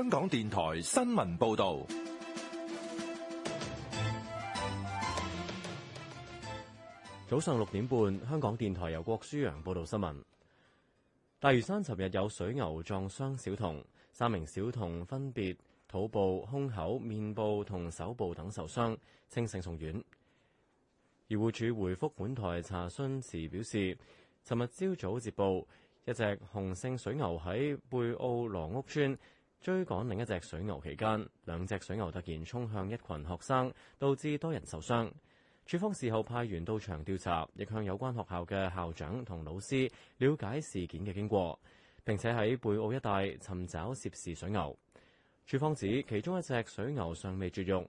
香港電台新聞報道，早上六點半，香港電台由郭書洋報道新聞。大嶼山尋日有水牛撞傷小童，三名小童分別肚部、胸口、面部同手部等受傷，清醒送院。漁護署回覆本台查詢時表示，尋日朝早接報，一隻雄性水牛喺貝澳羅屋村。追趕另一隻水牛期間，兩隻水牛突然衝向一群學生，導致多人受傷。處方事後派員到場調查，亦向有關學校嘅校長同老師了解事件嘅經過。並且喺貝澳一帶尋找涉事水牛。處方指其中一隻水牛尚未絕育，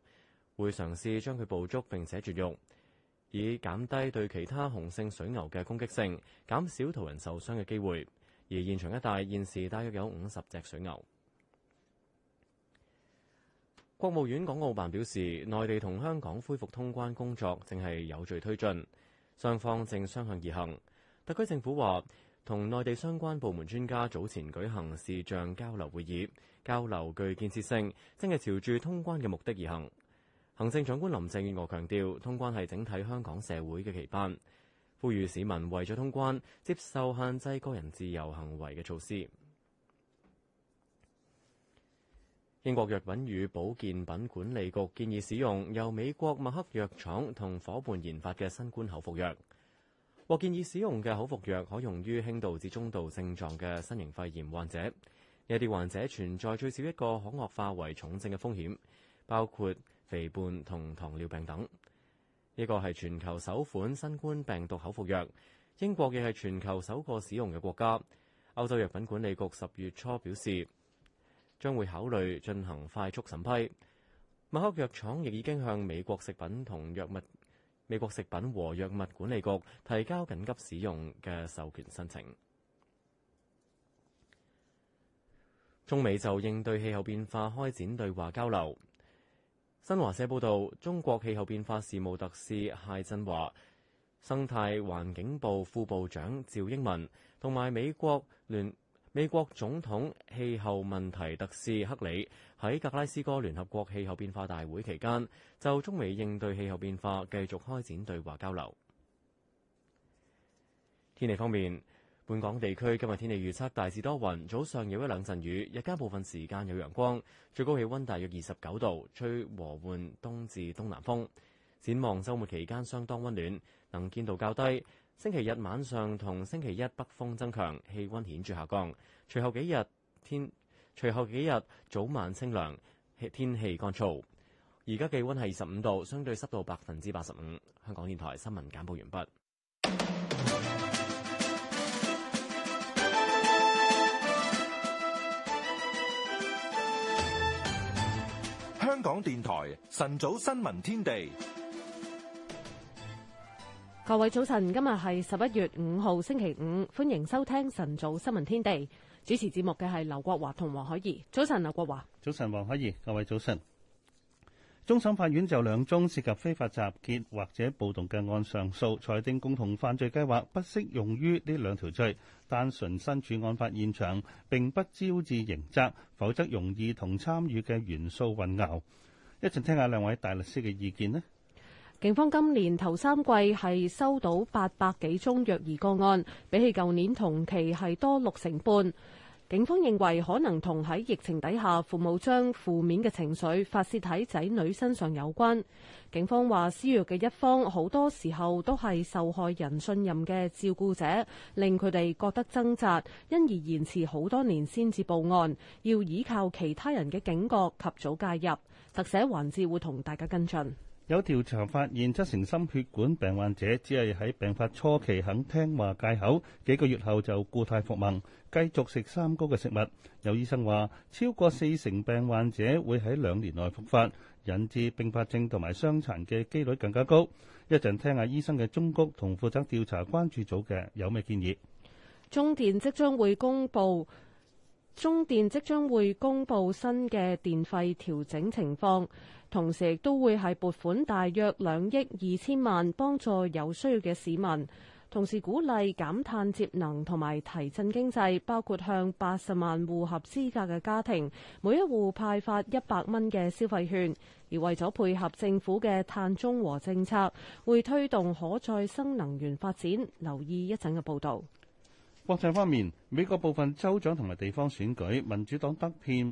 會嘗試將佢捕捉並且絕育，以減低對其他雄性水牛嘅攻擊性，減少途人受傷嘅機會。而現場一帶現時大約有五十隻水牛。國務院港澳辦表示，內地同香港恢復通關工作正係有序推進，雙方正相向而行。特區政府話，同內地相關部門專家早前舉行視像交流會議，交流具建設性，正係朝住通關嘅目的而行。行政長官林鄭月娥強調，通關係整體香港社會嘅期盼，呼籲市民為咗通關，接受限制個人自由行為嘅措施。英國藥品與保健品管理局建議使用由美國默克藥廠同伙伴研發嘅新冠口服藥。獲建議使用嘅口服藥可用於輕度至中度症狀嘅新型肺炎患者，有啲患者存在最少一個可惡化為重症嘅風險，包括肥胖同糖尿病等。呢個係全球首款新冠病毒口服藥，英國亦係全球首個使用嘅國家。歐洲藥品管理局十月初表示，將會考慮進行快速審批。默克藥廠亦已經向美國食品同藥物美國食品和藥物管理局提交緊急使用嘅授權申請。中美就應對氣候變化開展對話交流。新華社報導，中國氣候變化事務特使謝振華、生態環境部副部長趙英文同埋美國聯美國總統氣候問題特使克里喺格拉斯哥聯合國氣候變化大會期間，就中美應對氣候變化繼續開展對話交流。天氣方面，本港地區今日天氣預測大致多雲，早上有一兩陣雨，日間部分時間有陽光，最高氣溫大約二十九度，吹和緩東至東南風。展望週末期間相當溫暖，能見度較低。星期日晚上同星期一北風增強，氣溫顯著下降。隨後幾日天，隨後幾日早晚清涼，天氣乾燥。而家氣溫係二十五度，相對濕度百分之八十五。香港電台新聞簡報完畢。香港電台晨早新聞天地。各位早晨，今日係十一月五號星期五，歡迎收聽晨早新聞天地。主持節目嘅係劉國華同黃海怡。早晨，劉國華。早晨，黃海怡。各位早晨。終審法院就兩宗涉及非法集結或者暴動嘅案上訴，裁定共同犯罪計劃不適用於呢兩條罪，單純身處案發現場，並不招致刑責，否則容易同參與嘅元素混淆。一陣聽下兩位大律師嘅意見呢。警方今年頭三季係收到八百幾宗虐兒個案，比起舊年同期係多六成半。警方認為可能同喺疫情底下父母將負面嘅情緒發洩喺仔女身上有關。警方話施虐嘅一方好多時候都係受害人信任嘅照顧者，令佢哋覺得掙扎，因而延遲好多年先至報案，要依靠其他人嘅警覺及早介入。特寫環節會同大家跟進。有調查發現，七成心血管病患者只係喺病發初期肯聽話戒口，幾個月後就故態復萌，繼續食三高嘅食物。有醫生話，超過四成病患者會喺兩年內復發，引致併發症同埋傷殘嘅機率更加高。一陣聽下醫生嘅忠告同負責調查關注組嘅有咩建議。中電即將會公布，中電即將會公布新嘅電費調整情況。同時亦都會係撥款大約兩億二千萬，幫助有需要嘅市民。同時鼓勵減碳節能同埋提振經濟，包括向八十萬戶合資格嘅家庭，每一戶派發一百蚊嘅消費券。而為咗配合政府嘅碳中和政策，會推動可再生能源發展。留意一陣嘅報導。國際方面，美國部分州長同埋地方選舉，民主黨得片。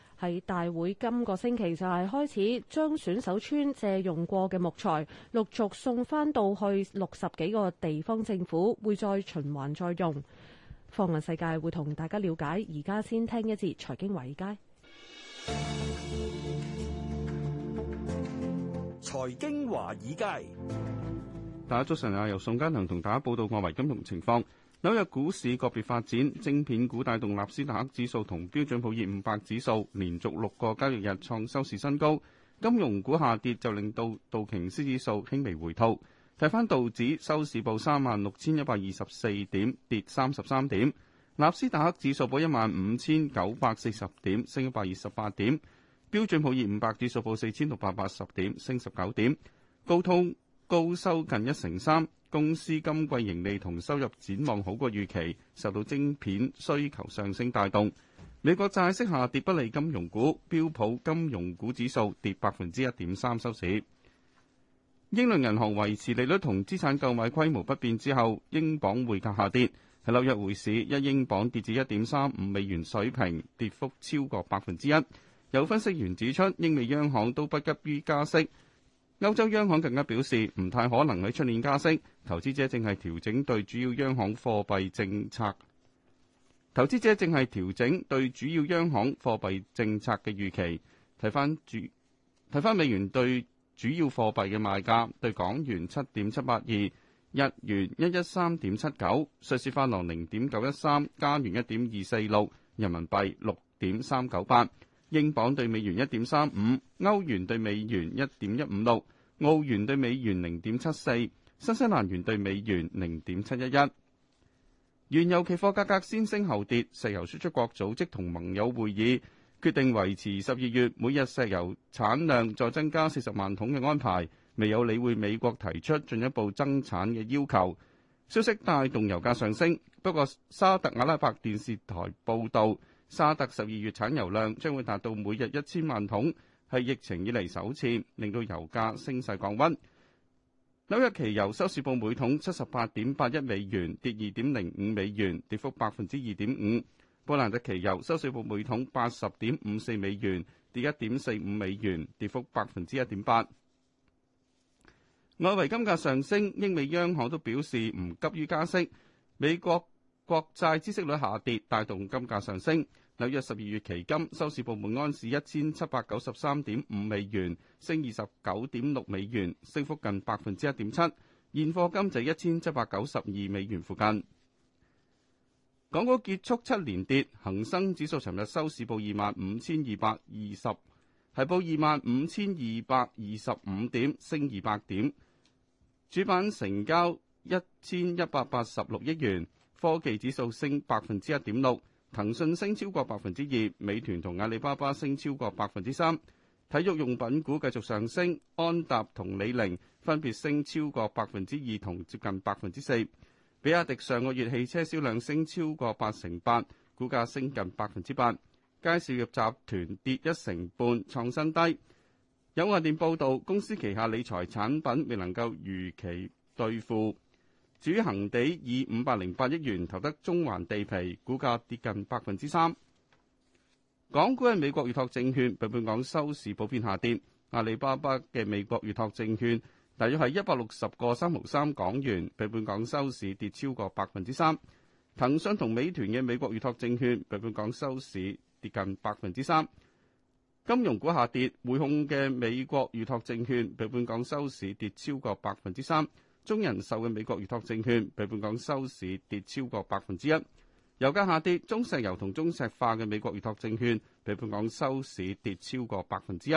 喺大會今個星期就係開始，將選手村借用過嘅木材陸續送翻到去六十幾個地方政府，會再循環再用。放眼世界，會同大家了解。而家先聽一節財經華爾街。財經華爾街，大家早晨啊！由宋嘉能同大家報道外圍金融情況。紐約股市個別發展，晶片股帶動納斯達克指數同標準普爾五百指數連續六個交易日創收市新高。金融股下跌就令到道瓊斯指數輕微回吐。睇翻道指收市報三萬六千一百二十四點，跌三十三點。納斯達克指數報一萬五千九百四十點，升一百二十八點。標準普爾五百指數報四千六百八十點，升十九點。高通高收近一成三。公司今季盈利同收入展望好過預期，受到晶片需求上升帶動，美國債息下跌不利金融股，標普金融股指數跌百分之一點三收市。英倫銀行維持利率同資產購買規模不變之後，英鎊匯價下跌，喺紐約匯市一英鎊跌至一點三五美元水平，跌幅超過百分之一。有分析員指出，英美央行都不急於加息。歐洲央行更加表示，唔太可能喺出年加息，投資者正係調整對主要央行貨幣政策。投資者正係調整對主要央行貨幣政策嘅預期。睇返主，睇返美元對主要貨幣嘅賣價，對港元七點七八二，日元一一三點七九，瑞士法郎零點九一三，加元一點二四六，人民幣六點三九八。英鎊對美元一點三五，歐元對美元一點一五六，澳元對美元零點七四，新西蘭元對美元零點七一一。原油期貨價格先升後跌，石油輸出國組織同盟友會議決定維持十二月每日石油產量再增加四十萬桶嘅安排，未有理會美國提出進一步增產嘅要求。消息帶動油價上升，不過沙特阿拉伯電視台報道。沙特十二月產油量將會達到每日一千萬桶，係疫情以嚟首次，令到油價升勢降溫。紐約期油收市報每桶七十八點八一美元，跌二點零五美元，跌幅百分之二點五。布蘭特期油收市報每桶八十點五四美元，跌一點四五美元，跌幅百分之一點八。外圍金價上升，英美央行都表示唔急於加息。美國國債孳息率下跌，帶動金價上升。紐約十二月期金收市報每安士一千七百九十三點五美元，升二十九點六美元，升幅近百分之一點七。現貨金就一千七百九十二美元附近。港股結束七連跌，恒生指數尋日收市報二萬五千二百二十，係報二萬五千二百二十五點，升二百點。主板成交一千一百八十六億元，科技指數升百分之一點六。騰訊升超過百分之二，美團同阿里巴巴升超過百分之三。體育用品股繼續上升，安踏同李寧分別升超過百分之二同接近百分之四。比亞迪上個月汽車銷量升超過八成八，股價升近百分之八。佳兆業集團跌一成半，創新低。有外電報道，公司旗下理財產品未能夠如期兌付。至於恒地以五百零八億元投得中環地皮，股價跌近百分之三。港股嘅美國預託證券，被本港收市普遍下跌。阿里巴巴嘅美國預託證券大約係一百六十個三毫三港元，被本港收市跌超過百分之三。騰訊同美團嘅美國預託證券被本港收市跌近百分之三。金融股下跌，匯控嘅美國預託證券被本港收市跌超過百分之三。中人壽嘅美國預託證券比本港收市跌超過百分之一，油價下跌，中石油同中石化嘅美國預託證券比本港收市跌超過百分之一。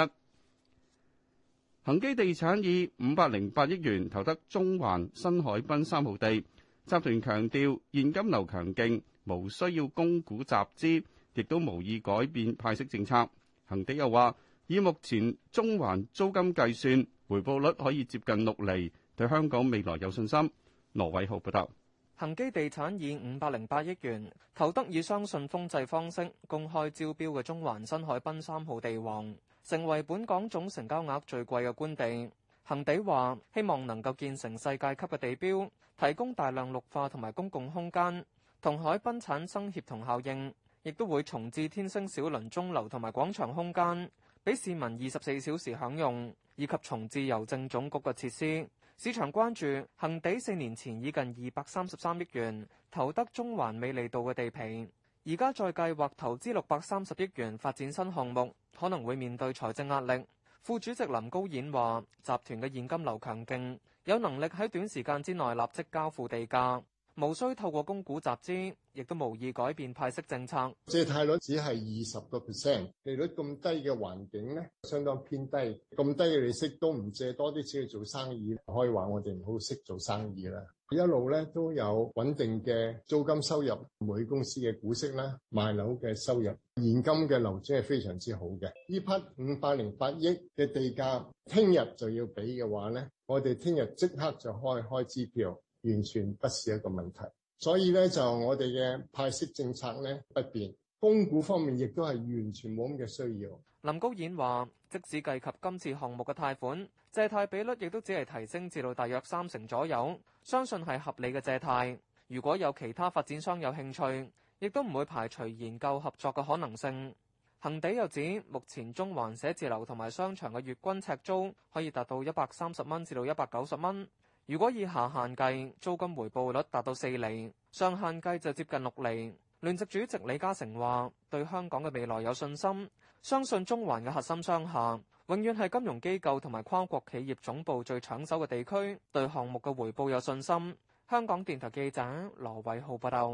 恒基地產以五百零八億元投得中環新海濱三號地，集團強調現金流強勁，無需要供股集資，亦都無意改變派息政策。恒地又話，以目前中環租金計算，回報率可以接近六厘。對香港未來有信心。羅偉浩報道，恒基地產以五百零八億元投得以雙信封制方式公開招標嘅中環新海濱三號地王，成為本港總成交額最貴嘅官地。恒地話，希望能夠建成世界級嘅地標，提供大量綠化同埋公共空間，同海濱產生協同效應，亦都會重置天星小輪鐘樓同埋廣場空間，俾市民二十四小時享用，以及重置郵政總局嘅設施。市場關注恒地四年前以近二百三十三億元投得中環美利道嘅地皮，而家再計劃投資六百三十億元發展新項目，可能會面對財政壓力。副主席林高演話：集團嘅現金流強勁，有能力喺短時間之內立即交付地價。無需透過供股集資，亦都無意改變派息政策。借貸率只係二十個 percent，利率咁低嘅環境咧，相當偏低。咁低嘅利息都唔借多啲錢去做生意，可以話我哋唔好識做生意啦。一路咧都有穩定嘅租金收入，每公司嘅股息啦，賣樓嘅收入，現金嘅流轉係非常之好嘅。呢批五百零八億嘅地價，聽日就要俾嘅話咧，我哋聽日即刻就開開支票。完全不是一個問題。所以咧就我哋嘅派息政策咧不變，供股方面亦都係完全冇咁嘅需要。林高演話，即使計及今次項目嘅貸款借貸比率，亦都只係提升至到大約三成左右，相信係合理嘅借貸，如果有其他發展商有興趣，亦都唔會排除研究合作嘅可能性。恒地又指，目前中環寫字樓同埋商場嘅月均尺租可以達到一百三十蚊至到一百九十蚊。如果以下限計，租金回報率達到四厘，上限計就接近六厘。聯席主席李嘉誠話：對香港嘅未來有信心，相信中環嘅核心商廈，永遠係金融機構同埋跨國企業總部最搶手嘅地區。對項目嘅回報有信心。香港電台記者羅偉浩報道。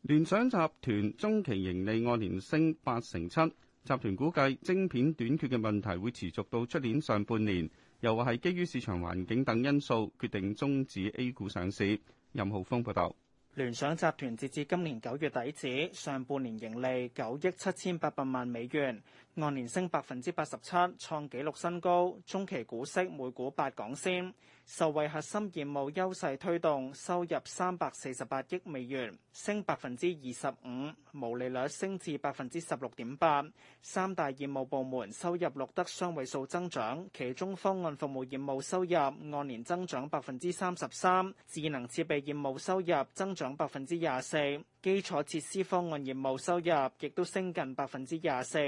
聯想集團中期盈利按年升八成七，集團估計晶片短缺嘅問題會持續到出年上半年。又話係基於市場環境等因素決定終止 A 股上市。任浩峰報導。聯想集團截至今年九月底止，上半年盈利九億七千八百萬美元，按年升百分之八十七，創紀錄新高。中期股息每股八港仙，受惠核心業務優勢推動，收入三百四十八億美元。升百分之二十五，毛利率升至百分之十六點八。三大業務部門收入錄得雙位數增長，其中方案服務業務收入按年增長百分之三十三，智能設備業務收入增長百分之廿四，基礎設施方案業務收入亦都升近百分之廿四。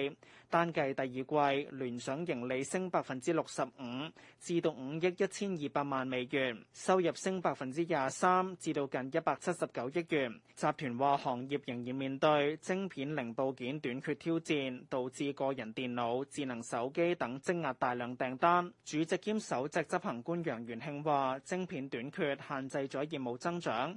單計第二季，聯想盈利升百分之六十五，至到五億一千二百萬美元，收入升百分之廿三，至到近一百七十九億元。集團話，行業仍然面對晶片零部件短缺挑戰，導致個人電腦、智能手機等積壓大量訂單。主席兼首席執行官楊元慶話，晶片短缺限制咗業務增長。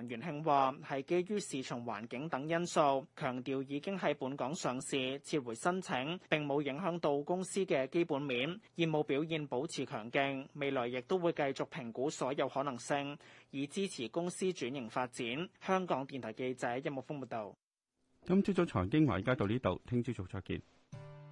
袁慶話，係基於市場環境等因素，強調已經喺本港上市撤回申請，並冇影響到公司嘅基本面，業務表現保持強勁，未來亦都會繼續評估所有可能性，以支持公司轉型發展。香港電台記者任木峰報道。今朝早財經華爾街到呢度，聽朝早再見。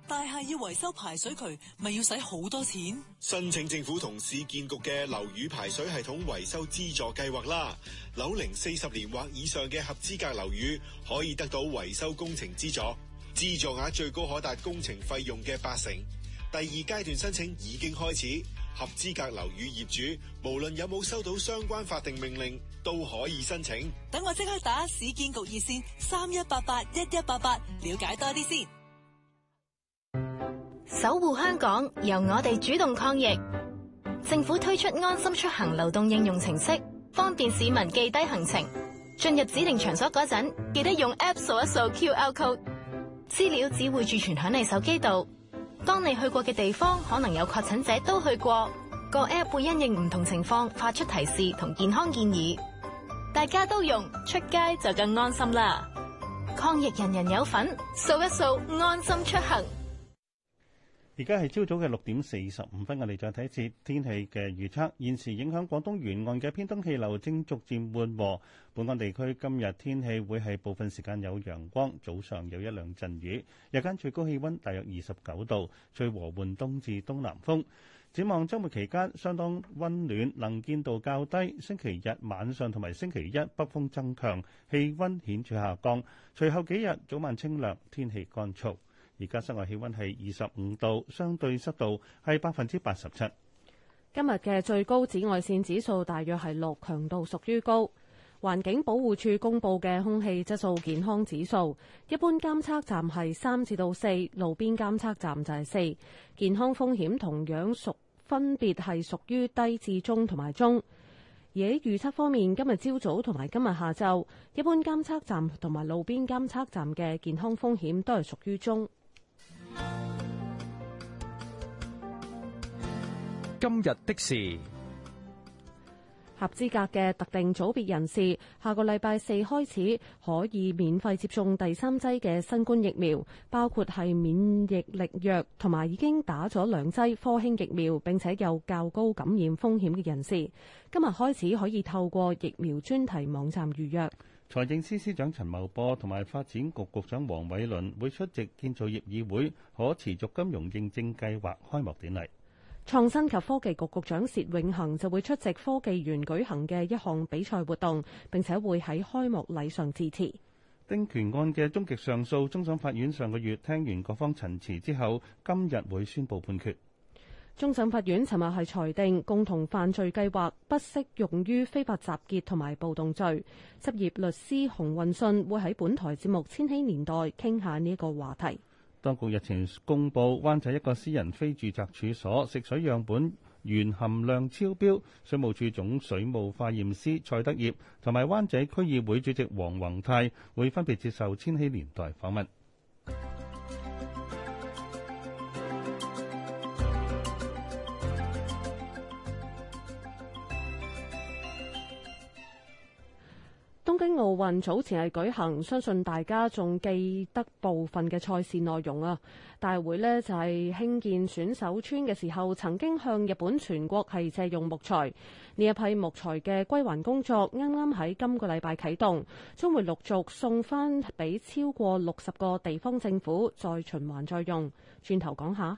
但係要維修排水渠，咪要使好多錢？申請政府同市建局嘅樓宇排水系統維修資助計劃啦！樓齡四十年或以上嘅合資格樓宇可以得到維修工程資助，資助額最高可達工程費用嘅八成。第二階段申請已經開始，合資格樓宇業主無論有冇收到相關法定命令，都可以申請。等我即刻打市建局熱線三一八八一一八八了解多啲先。守護香港，由我哋主動抗疫。政府推出安心出行流動應用程式，方便市民記低行程。進入指定場所嗰陣，記得用 App 掃一掃 QR code。資料只會儲存響你手機度。當你去過嘅地方可能有確診者都去過，個 App 會因應唔同情況發出提示同健康建議。大家都用，出街就更安心啦！抗疫人人有份，掃一掃安心出行。而家係朝早嘅六點四十五分，我哋再睇一次天氣嘅預測。現時影響廣東沿岸嘅偏東氣流正逐漸緩和，本港地區今日天氣會係部分時間有陽光，早上有一兩陣雨，日間最高氣溫大約二十九度，吹和緩東至東南風。展望周末期間相當溫暖，能見度較低。星期日晚上同埋星期一北風增強，氣溫顯著下降。隨後幾日早晚清涼，天氣乾燥。而家室外氣溫係二十五度，相對濕度係百分之八十七。今日嘅最高紫外線指數大約係六，強度屬於高。環境保護署公布嘅空氣質素健康指數，一般監測站係三至到四，路邊監測站就係四，健康風險同樣屬分別係屬於低至中同埋中。而喺預測方面，今日朝早同埋今日下晝，一般監測站同埋路邊監測站嘅健康風險都係屬於中。今日的事。合資格嘅特定組別人士，下個禮拜四開始可以免費接種第三劑嘅新冠疫苗，包括係免疫力弱同埋已經打咗兩劑科興疫苗並且有較高感染風險嘅人士。今日開始可以透過疫苗專題網站預約。財政司司長陳茂波同埋發展局局長黃偉綸會出席建造業議會可持續金融認證計劃開幕典禮。創新及科技局局長薛永恒就會出席科技園舉行嘅一項比賽活動，並且會喺開幕禮上致辭。丁權案嘅終極上訴，終審法院上個月聽完各方陳詞之後，今日會宣佈判決。終審法院尋日係裁定共同犯罪計劃不適用於非法集結同埋暴動罪。執業律師洪運信會喺本台節目《千禧年代》傾下呢一個話題。當局日前公布，灣仔一個私人非住宅處所食水樣本鉛含量超標。水務署總水務化驗師蔡德業同埋灣仔區議會主席黃宏泰會分別接受《千禧年代》訪問。奧運早前係舉行，相信大家仲記得部分嘅賽事內容啊。大會呢就係、是、興建選手村嘅時候，曾經向日本全國係借用木材。呢一批木材嘅歸還工作，啱啱喺今個禮拜啟動，將會陸續送翻俾超過六十個地方政府，再循環再用。轉頭講下。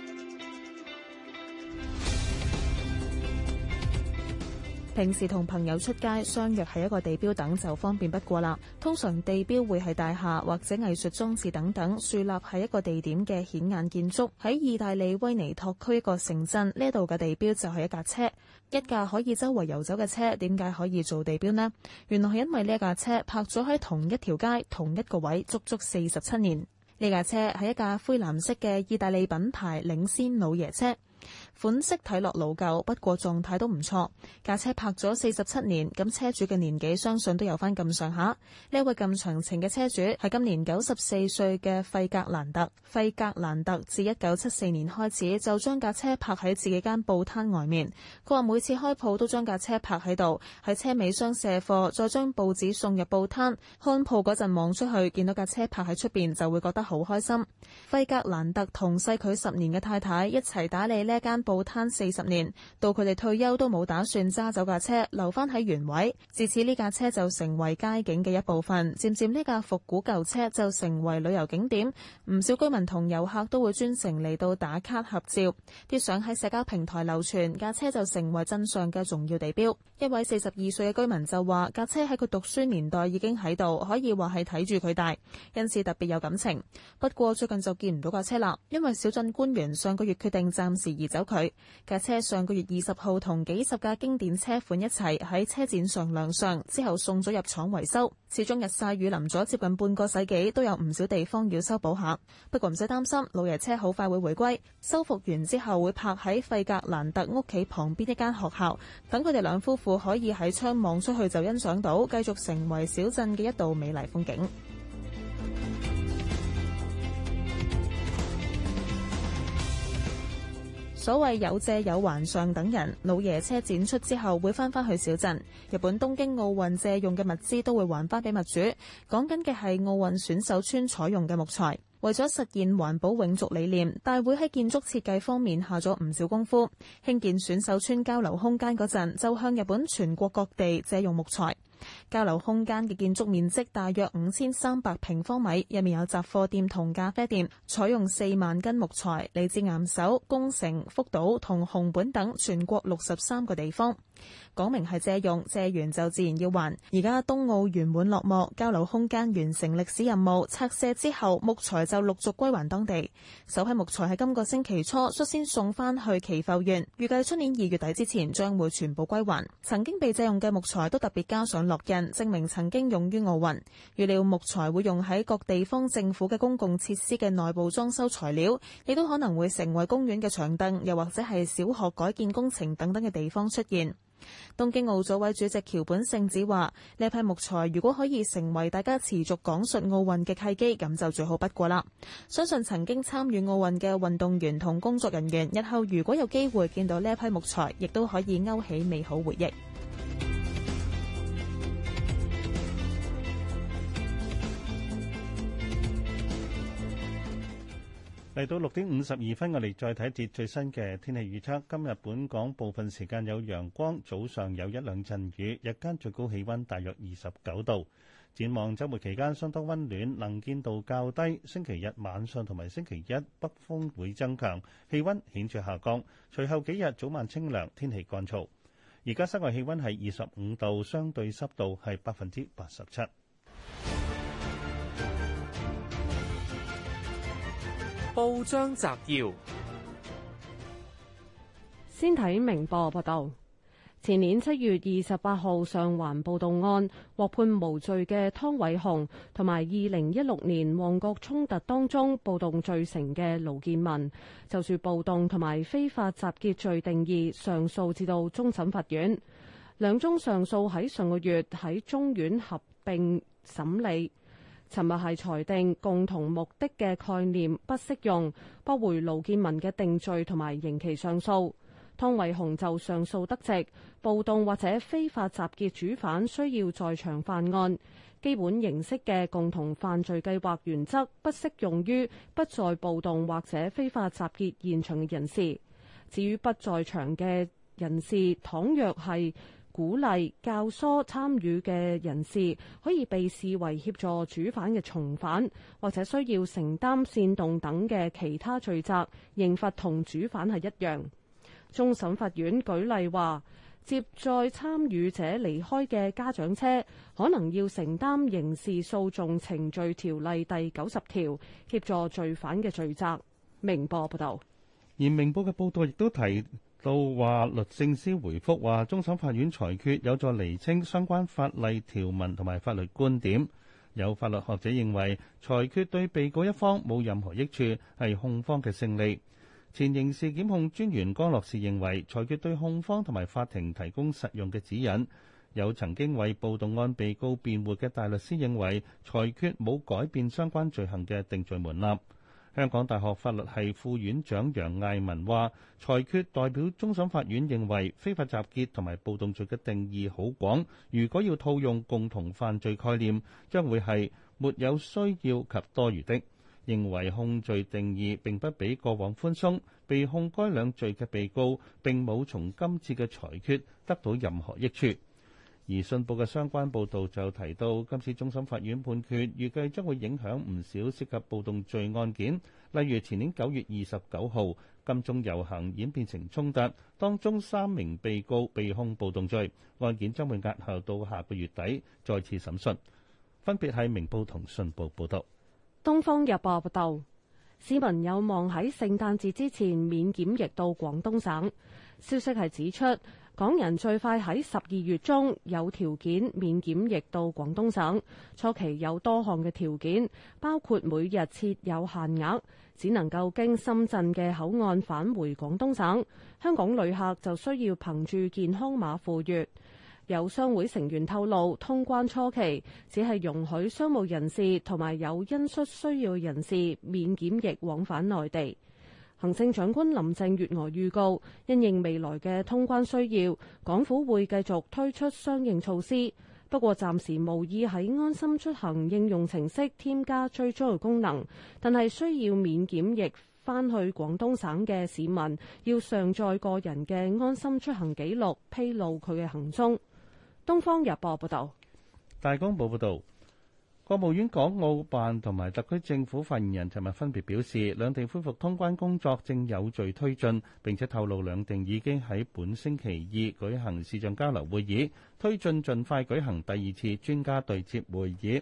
平時同朋友出街，相約喺一個地標等就方便不過啦。通常地標會係大廈或者藝術裝置等等，樹立喺一個地點嘅顯眼建築。喺意大利威尼托區一個城鎮，呢度嘅地標就係一架車，一架可以周圍遊走嘅車。點解可以做地標呢？原來係因為呢架車泊咗喺同一條街、同一個位足足四十七年。呢架車係一架灰藍色嘅意大利品牌領先老爺車。款式睇落老舊，不過狀態都唔錯。架車泊咗四十七年，咁車主嘅年紀相信都有翻咁上下。呢位咁長情嘅車主係今年九十四歲嘅費格蘭特。費格蘭特自一九七四年開始就將架車泊喺自己間報攤外面。佢話每次開鋪都將架車泊喺度，喺車尾箱卸貨，再將報紙送入報攤。看鋪嗰陣望出去，見到架車泊喺出邊就會覺得好開心。費格蘭特同細佢十年嘅太太一齊打理呢。一間報攤四十年，到佢哋退休都冇打算揸走架車，留翻喺原位。至此呢架車就成為街景嘅一部分。漸漸呢架復古舊車就成為旅遊景點，唔少居民同遊客都會專程嚟到打卡合照，啲相喺社交平台流傳。架車就成為鎮上嘅重要地標。一位四十二歲嘅居民就話：架車喺佢讀書年代已經喺度，可以話係睇住佢大，因此特別有感情。不過最近就見唔到架車啦，因為小鎮官員上個月決定暫時。移走佢。架車上個月二十號同幾十架經典車款一齊喺車展上亮相，之後送咗入廠維修。始終日曬雨淋咗接近半個世紀，都有唔少地方要修補下。不過唔使擔心，老爺車好快會回歸。修復完之後會泊喺費格蘭特屋企旁邊一間學校，等佢哋兩夫婦可以喺窗望出去就欣賞到，繼續成為小鎮嘅一道美麗風景。所謂有借有還，上等人，老爺車展出之後會翻返去小鎮。日本東京奧運借用嘅物資都會還返俾物主。講緊嘅係奧運選手村採用嘅木材，為咗實現環保永續理念，大會喺建築設計方面下咗唔少功夫。興建選手村交流空間嗰陣，就向日本全國各地借用木材。交流空間嘅建築面積大約五千三百平方米，入面有雜貨店同咖啡店，採用四萬根木材，嚟自岩手、宮城、福島同熊本等全國六十三個地方。講明係借用，借完就自然要還。而家東澳圓滿落幕，交流空間完成歷史任務，拆卸之後木材就陸續歸還當地。首批木材喺今個星期初率先送翻去祈福園，預計出年二月底之前將會全部歸還。曾經被借用嘅木材都特別加上烙印，證明曾經用於奧運。預料木材會用喺各地方政府嘅公共設施嘅內部裝修材料，亦都可能會成為公園嘅長凳，又或者係小學改建工程等等嘅地方出現。東京奧組委主席橋本聖子話：呢批木材如果可以成為大家持續講述奧運嘅契機，咁就最好不過啦。相信曾經參與奧運嘅運動員同工作人員，日後如果有機會見到呢一批木材，亦都可以勾起美好回憶。嚟到六點五十二分，我哋再睇一節最新嘅天氣預測。今日本港部分時間有陽光，早上有一兩陣雨，日間最高氣温大約二十九度。展望周末期間相當温暖，能見度較低。星期日晚上同埋星期一北風會增強，氣温顯著下降。隨後幾日早晚清涼，天氣乾燥。而家室外氣温係二十五度，相對濕度係百分之八十七。報章摘要：先睇明報報道，前年七月二十八號上環暴動案獲判無罪嘅湯偉雄，同埋二零一六年旺角衝突當中暴動罪成嘅盧建文，就住暴動同埋非法集結罪定義上訴至到終審法院，兩宗上訴喺上個月喺中院合併審理。尋日係裁定共同目的嘅概念不適用，駁回盧建文嘅定罪同埋刑期上訴。湯偉雄就上訴得直，暴動或者非法集結主犯需要在場犯案，基本形式嘅共同犯罪計劃原則不適用於不在暴動或者非法集結現場嘅人士。至於不在場嘅人士，倘若係鼓勵教唆參與嘅人士，可以被視為協助主犯嘅從犯，或者需要承擔煽動等嘅其他罪責，刑罰同主犯係一樣。終審法院舉例話，接載參與者離開嘅家長車，可能要承擔刑事訴訟程序條例第九十條協助罪犯嘅罪責。明報報道，而明報嘅報道亦都提。道話律政司回覆話：中審法院裁決有助釐清相關法例條文同埋法律觀點。有法律學者認為，裁決對被告一方冇任何益處，係控方嘅勝利。前刑事檢控專員江樂士認為，裁決對控方同埋法庭提供實用嘅指引。有曾經為暴動案被告辯護嘅大律師認為，裁決冇改變相關罪行嘅定罪門檻。香港大學法律系副院長楊艾文話：裁決代表終審法院認為非法集結同埋暴動罪嘅定義好廣，如果要套用共同犯罪概念，將會係沒有需要及多餘的。認為控罪定義並不比過往寬鬆，被控該兩罪嘅被告並冇從今次嘅裁決得到任何益處。而信報嘅相關報導就提到，今次終審法院判決，預計將會影響唔少涉及暴動罪案件，例如前年九月二十九號金鐘遊行演變成衝突，當中三名被告被控暴動罪，案件將會押後到下個月底再次審訊。分別係明報同信報報道。東方日報報道，市民有望喺聖誕節之前免檢疫到廣東省。消息係指出，港人最快喺十二月中有條件免檢疫到廣東省，初期有多項嘅條件，包括每日設有限額，只能夠經深圳嘅口岸返回廣東省。香港旅客就需要憑住健康碼赴粵。有商會成員透露，通關初期只係容許商務人士同埋有恩恤需要人士免檢疫往返內地。行政長官林鄭月娥預告，因應未來嘅通關需要，港府會繼續推出相應措施。不過暫時無意喺安心出行應用程式添加追蹤嘅功能，但係需要免檢疫翻去廣東省嘅市民，要上載個人嘅安心出行記錄，披露佢嘅行蹤。《東方日報》報道。《大公報》報道。國務院港澳辦同埋特區政府發言人尋日分別表示，兩地恢復通關工作正有序推進，並且透露兩地已經喺本星期二舉行視像交流會議，推進盡快舉行第二次專家對接會議。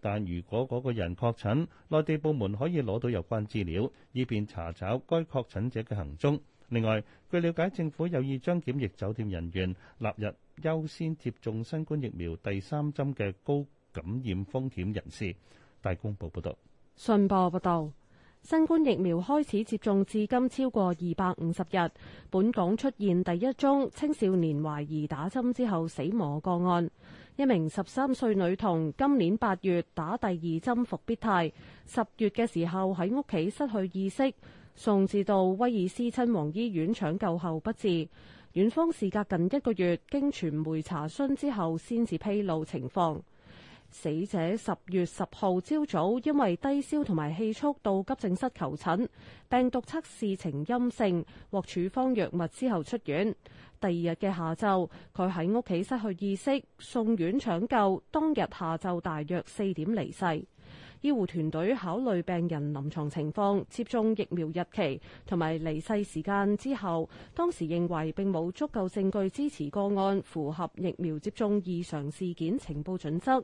但如果嗰個人確診，內地部門可以攞到有關資料，以便查找該確診者嘅行蹤。另外，據了解，政府有意將檢疫酒店人員納入優先接種新冠疫苗第三針嘅高感染風險人士。大公報報道。信報報道，新冠疫苗開始接種至今超過二百五十日，本港出現第一宗青少年懷疑打針之後死亡個案。一名十三歲女童今年八月打第二針伏必泰，十月嘅時候喺屋企失去意識，送至到威爾斯親王醫院搶救後不治。院方事隔近一個月，經傳媒查詢之後先至披露情況。死者十月十號朝早因為低燒同埋氣促到急症室求診，病毒測試呈陰性，獲處方藥物之後出院。第二日嘅下晝，佢喺屋企失去意識，送院搶救。當日下晝大約四點離世。醫護團隊考慮病人臨床情況、接種疫苗日期同埋離世時間之後，當時認為並冇足夠證據支持個案符合疫苗接種異常事件情報準則。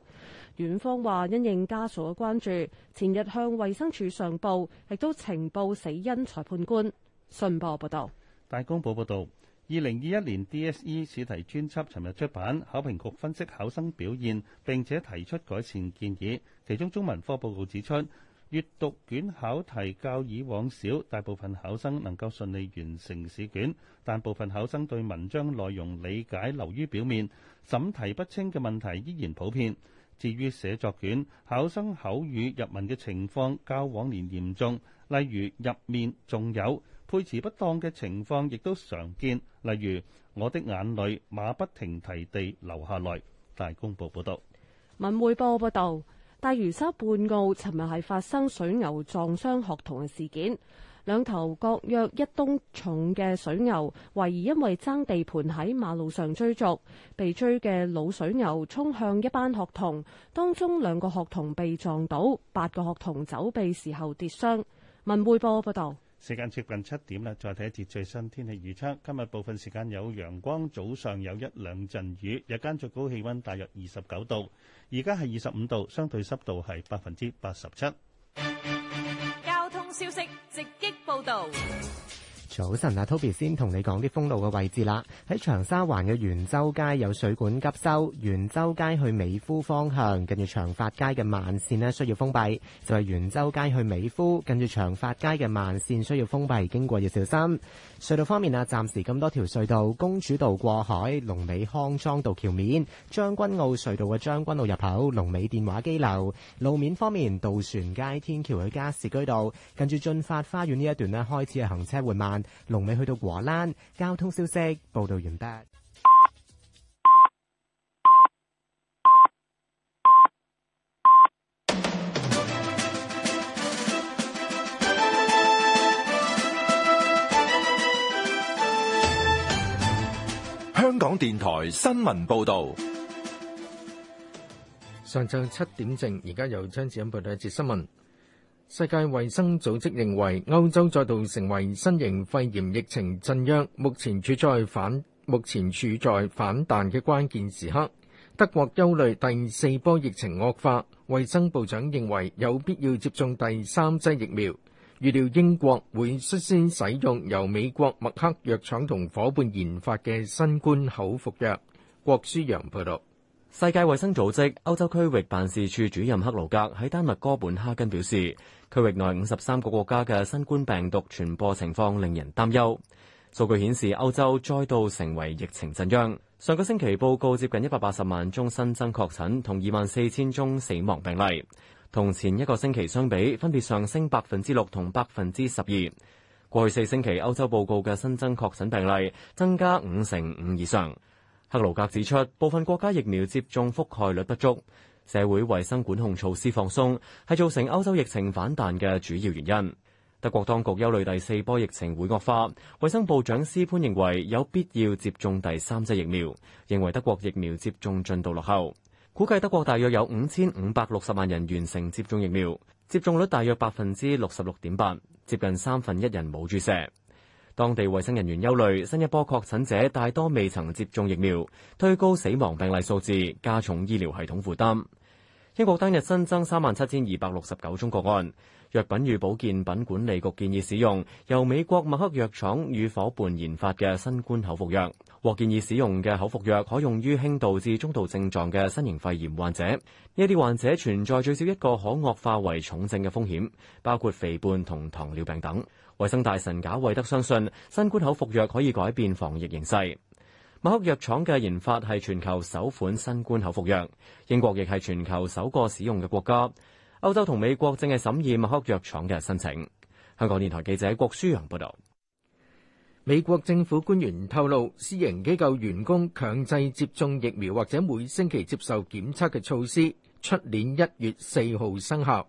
院方話，因應家屬嘅關注，前日向衛生署上報，亦都情報死因裁判官。信報報道，大公報報道。二零二一年 DSE 試題專輯尋日出版，考評局分析考生表現，並且提出改善建議。其中中文科報告指出，閱讀卷考題較以往少，大部分考生能夠順利完成試卷，但部分考生對文章內容理解流於表面，審題不清嘅問題依然普遍。至於寫作卷，考生口語入文嘅情況較往年嚴重，例如入面仲有。配詞不當嘅情況亦都常見，例如我的眼淚馬不停蹄地流下來。大公報報道，文匯報報道，大嶼山半澳尋日係發生水牛撞傷學童嘅事件，兩頭各約一噸重嘅水牛懷疑因為爭地盤喺馬路上追逐，被追嘅老水牛衝向一班學童，當中兩個學童被撞倒，八個學童走避時候跌傷。文匯報報道。時間接近七點啦，再睇一次最新天氣預測。今日部分時間有陽光，早上有一兩陣雨，日間最高氣溫大約二十九度，而家係二十五度，相對濕度係百分之八十七。交通消息直擊報道。早晨啊，Toby 先同你講啲封路嘅位置啦。喺長沙灣嘅元州街有水管急修，元州街去美孚方向，近住長發街嘅慢線咧需要封閉，就係元州街去美孚，近住長發街嘅慢線需要封閉，就是，經過要小心。隧道方面啊，暫時咁多條隧道：公主道過海、龍尾康莊道橋面、將軍澳隧道嘅將軍澳入口、龍尾電話機樓。路面方面，渡船街天橋去加士居道，近住駿發花園呢一段咧開始係行車緩慢。龍尾去到果蘭，交通消息報道完畢。香港電台新聞報道，上晝七點正，而家由張志欣報道一節新聞。世界衛生組織認為，歐洲再度成為新型肺炎疫情震央，目前處在反目前處在反彈嘅關鍵時刻。德國憂慮第四波疫情惡化，衛生部長認為有必要接種第三劑疫苗。預料英國會率先使用由美國默克藥廠同伙伴研發嘅新冠口服藥。郭舒陽報道。世界衛生組織歐洲區域辦事處主任克勞格喺丹麥哥本哈根表示，區域內五十三個國家嘅新冠病毒傳播情況令人擔憂。數據顯示，歐洲再度成為疫情震央。上個星期報告接近一百八十萬宗新增確診，同二萬四千宗死亡病例，同前一個星期相比，分別上升百分之六同百分之十二。過去四星期，歐洲報告嘅新增確診病例增加五成五以上。克魯格指出，部分國家疫苗接種覆蓋率不足。社會衛生管控措施放鬆係造成歐洲疫情反彈嘅主要原因。德國當局憂慮第四波疫情會惡化，衛生部長斯潘認為有必要接種第三劑疫苗，認為德國疫苗接種進度落後，估計德國大約有五千五百六十萬人完成接種疫苗，接種率大約百分之六十六點八，接近三分一人冇注射。當地衛生人員憂慮，新一波確診者大多未曾接種疫苗，推高死亡病例數字，加重醫療系統負擔。英國當日新增三萬七千二百六十九宗個案。藥品與保健品管理局建議使用由美國默克藥廠與伙伴研發嘅新冠口服藥，獲建議使用嘅口服藥可用於輕度至中度症狀嘅新型肺炎患者。呢一啲患者存在最少一個可惡化為重症嘅風險，包括肥胖同糖尿病等。衛生大臣賈偉德相信，新冠口服藥可以改變防疫形勢。默克藥廠嘅研發係全球首款新冠口服藥，英國亦係全球首個使用嘅國家。歐洲同美國正係審議默克藥廠嘅申請。香港電台記者郭舒揚報道。美國政府官員透露，私營機構員工強制接種疫苗或者每星期接受檢測嘅措施，出年一月四號生效。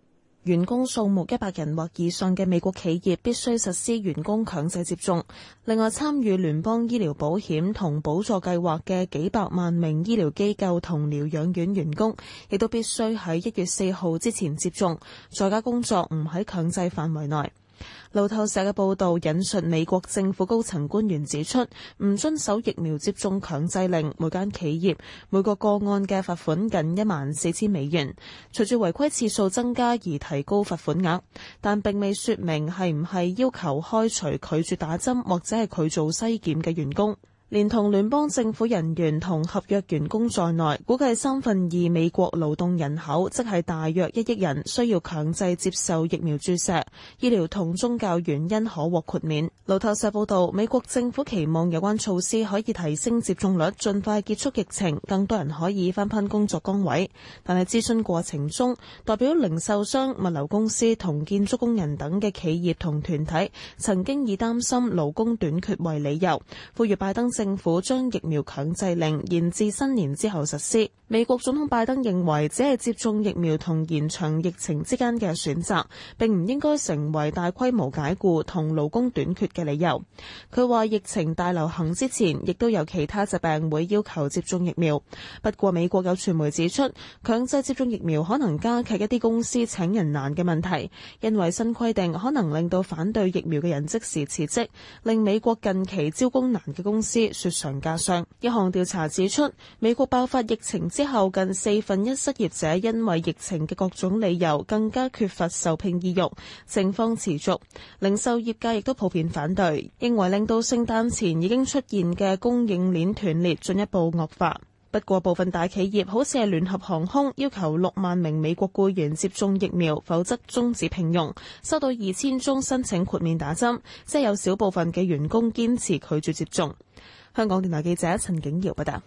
員工數目一百人或以上嘅美國企業必須實施員工強制接種。另外，參與聯邦醫療保險同補助計劃嘅幾百萬名醫療機構同療養院員工，亦都必須喺一月四號之前接種。在家工作唔喺強制範圍內。路透社嘅報道引述美國政府高層官員指出，唔遵守疫苗接種強制令，每間企業每個個案嘅罰款近一萬四千美元，隨住違規次數增加而提高罰款額，但並未說明係唔係要求開除拒絕打針或者係拒做篩檢嘅員工。連同聯邦政府人員同合約員工在內，估計三分二美國勞動人口，即係大約一億人，需要強制接受疫苗注射。醫療同宗教原因可獲豁免。路透社報道，美國政府期望有關措施可以提升接種率，盡快結束疫情，更多人可以翻返工作崗位。但係諮詢過程中，代表零售商、物流公司同建築工人等嘅企業同團體，曾經以擔心勞工短缺為理由，呼籲拜登政府將疫苗強制令延至新年之後實施。美國總統拜登認為，只係接種疫苗同延長疫情之間嘅選擇，並唔應該成為大規模解僱同勞工短缺嘅理由。佢話疫情大流行之前，亦都有其他疾病會要求接種疫苗。不過，美國有傳媒指出，強制接種疫苗可能加劇一啲公司請人難嘅問題，因為新規定可能令到反對疫苗嘅人即時辭職，令美國近期招工難嘅公司。雪上加霜，一項調查指出，美國爆發疫情之後，近四分一失業者因為疫情嘅各種理由，更加缺乏受聘意欲。情況持續，零售業界亦都普遍反對，認為令到聖誕前已經出現嘅供應鏈斷裂進一步惡化。不過，部分大企業好似係聯合航空，要求六萬名美國僱員接種疫苗，否則終止聘用。收到二千宗申請豁免打針，即係有小部分嘅員工堅持拒絕接種。香港電台記者陳景瑤報道，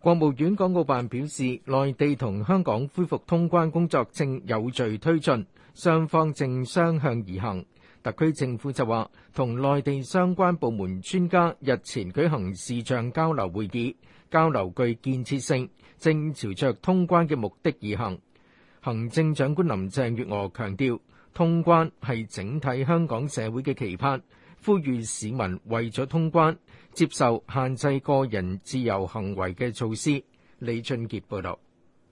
國務院港澳辦表示，內地同香港恢復通關工作正有序推進，雙方正相向而行。特區政府就話，同內地相關部門專家日前舉行視像交流會議，交流具建設性，正朝着通關嘅目的而行。行政長官林鄭月娥強調，通關係整體香港社會嘅期盼，呼籲市民為咗通關。接受限制個人自由行為嘅措施。李俊杰報導，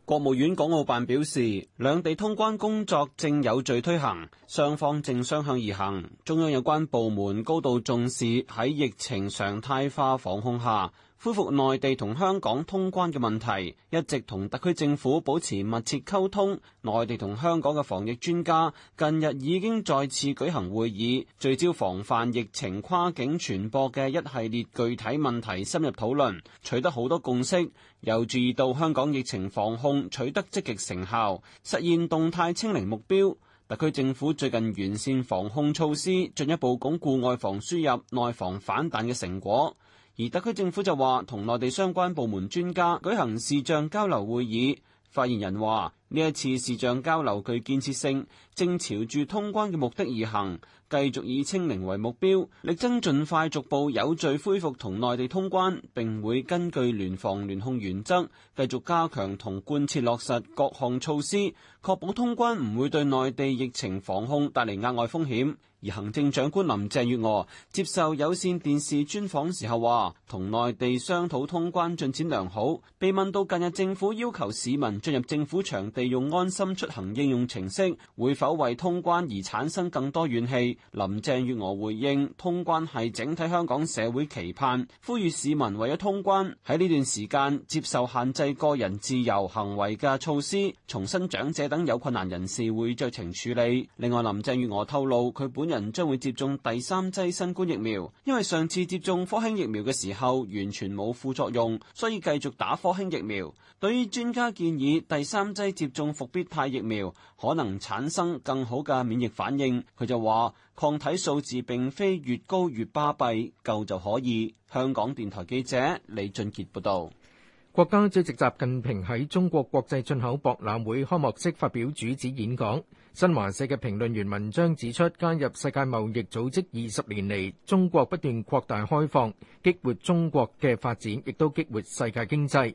國務院港澳辦表示，兩地通關工作正有序推行，雙方正相向而行。中央有關部門高度重視喺疫情常態化防控下，恢復內地同香港通關嘅問題，一直同特區政府保持密切溝通。內地同香港嘅防疫專家近日已經再次舉行會議，聚焦防範疫情跨境傳播嘅一系列具體問題深入討論，取得好多共識。又注意到香港疫情防控取得積極成效，實現動態清零目標。特區政府最近完善防控措施，進一步鞏固外防輸入、內防反彈嘅成果。而特區政府就話，同內地相關部門專家舉行視像交流會議，發言人話。呢一次視像交流具建設性，正朝住通關嘅目的而行，繼續以清零為目標，力爭盡快逐步有序恢復同內地通關。並會根據聯防聯控原則，繼續加強同貫徹落實各項措施，確保通關唔會對內地疫情防控帶嚟額外風險。而行政長官林鄭月娥接受有線電視專訪時候話，同內地商討通關進展良好。被問到近日政府要求市民進入政府場利用安心出行應用程式，會否為通關而產生更多怨氣？林鄭月娥回應：通關係整體香港社會期盼，呼籲市民為咗通關喺呢段時間接受限制個人自由行為嘅措施。重新長者等有困難人士會酌情處理。另外，林鄭月娥透露佢本人將會接種第三劑新冠疫苗，因為上次接種科興疫苗嘅時候完全冇副作用，所以繼續打科興疫苗。對於專家建議第三劑接中種復必泰疫苗可能產生更好嘅免疫反應，佢就話，抗體數字並非越高越巴閉，夠就可以。香港電台記者李俊杰報道。國家主席習近平喺中國國際進口博覽會開幕式發表主旨演講。新華社嘅評論員文章指出，加入世界貿易組織二十年嚟，中國不斷擴大開放，激活中國嘅發展，亦都激活世界經濟。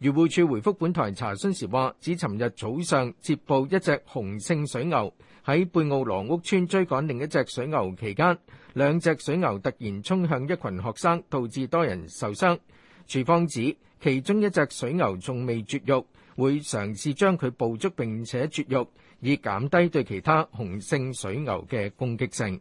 漁護署回覆本台查詢時話，指尋日早上接報一隻雄性水牛喺貝澳老屋村追趕另一隻水牛期間，兩隻水牛突然衝向一群學生，導致多人受傷。署方指其中一隻水牛仲未絕育，會嘗試將佢捕捉並且絕育，以減低對其他雄性水牛嘅攻擊性。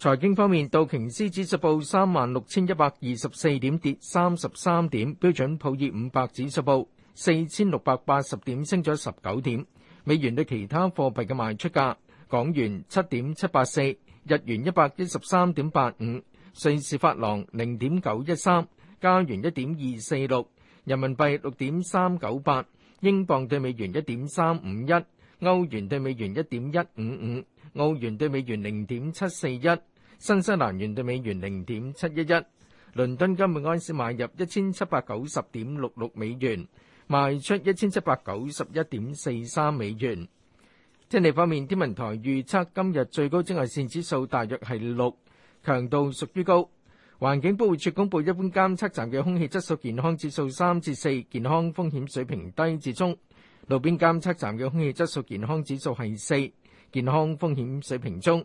財經方面，道瓊斯指數報三萬六千一百二十四點跌，跌三十三點；標準普爾五百指數報四千六百八十點，升咗十九點。美元對其他貨幣嘅賣出價：港元七點七八四，日元一百一十三點八五，瑞士法郎零點九一三，加元一點二四六，人民幣六點三九八，英鎊對美元一點三五一，歐元對美元一點一五五，澳元對美元零點七四一。新西蘭元對美元零點七一一，倫敦金每盎司買入一千七百九十點六六美元，賣出一千七百九十一點四三美元。天氣方面，天文台預測今日最高紫外線指數大約係六，強度屬於高。環境保護署公布，一般監測站嘅空氣質素健康指數三至四，健康風險水平低至中；路邊監測站嘅空氣質素健康指數係四，健康風險水平中。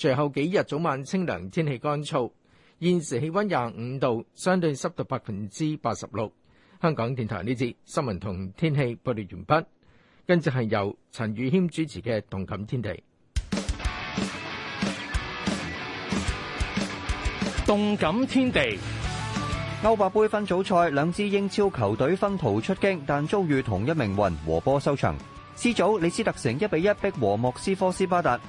隨後幾日早晚清涼，天氣乾燥。現時氣溫廿五度，相對濕度百分之八十六。香港電台呢節新聞同天氣報道完畢。跟住係由陳宇謙主持嘅《動感天地》。動感天地。歐霸盃分組賽，兩支英超球隊分途出征，但遭遇同一命運，和波收場。A 組李斯特城一比一逼和莫斯科斯巴達。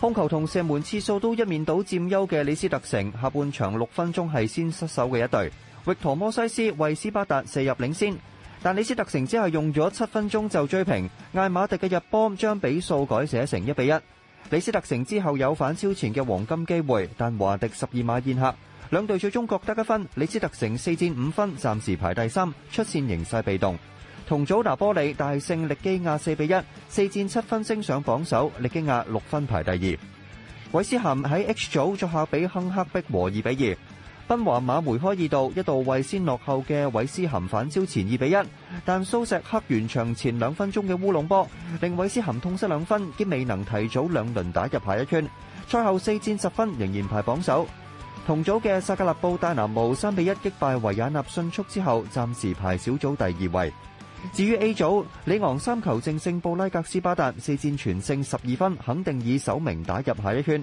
控球同射門次數都一面倒佔優嘅李斯特城，下半場六分鐘係先失手嘅一隊。域陀摩西斯為斯巴達射入領先，但李斯特城只係用咗七分鐘就追平，艾馬迪嘅入波將比數改寫成一比一。李斯特城之後有反超前嘅黃金機會，但華迪十二碼宴客，兩隊最終各得一分。李斯特城四戰五分，暫時排第三，出線形勢被動。同組拿波里大勝力基亞四比一，四戰七分，升上榜首。力基亞六分排第二。韋斯鹹喺 H 組作客比亨克逼和二比二。賓華馬梅開二度，一度為先落後嘅韋斯鹹反超前二比一，但蘇石克完場前兩分鐘嘅烏龍波，令韋斯鹹痛失兩分，兼未能提早兩輪打入下一圈。賽後四戰十分，仍然排榜首。同組嘅薩格勒布戴拿模三比一擊敗維也納迅速之後，暫時排小組第二位。至於 A 組，里昂三球正勝布拉格斯巴達，四戰全勝十二分，肯定以首名打入下一圈。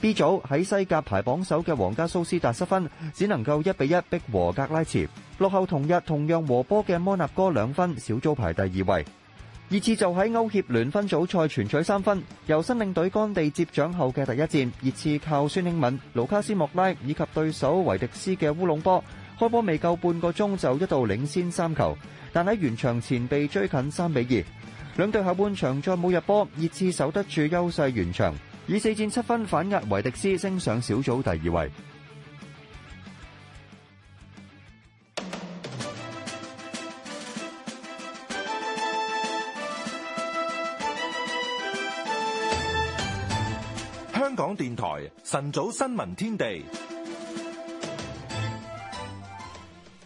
B 組喺西甲排榜首嘅皇家蘇斯達失分，只能夠一比一逼和格拉茨，落後同日同樣和波嘅摩納哥兩分，小組排第二位。熱刺就喺歐協聯分組賽全取三分，由新領隊干地接掌後嘅第一戰，熱刺靠孫興慜、盧卡斯莫拉以及對手維迪斯嘅烏龍波。開波未夠半個鐘就一度領先三球，但喺完場前被追近三比二。兩隊下半場再冇入波，熱刺守得住優勢完場，以四戰七分反壓維迪斯，升上小組第二位。香港電台晨早新聞天地。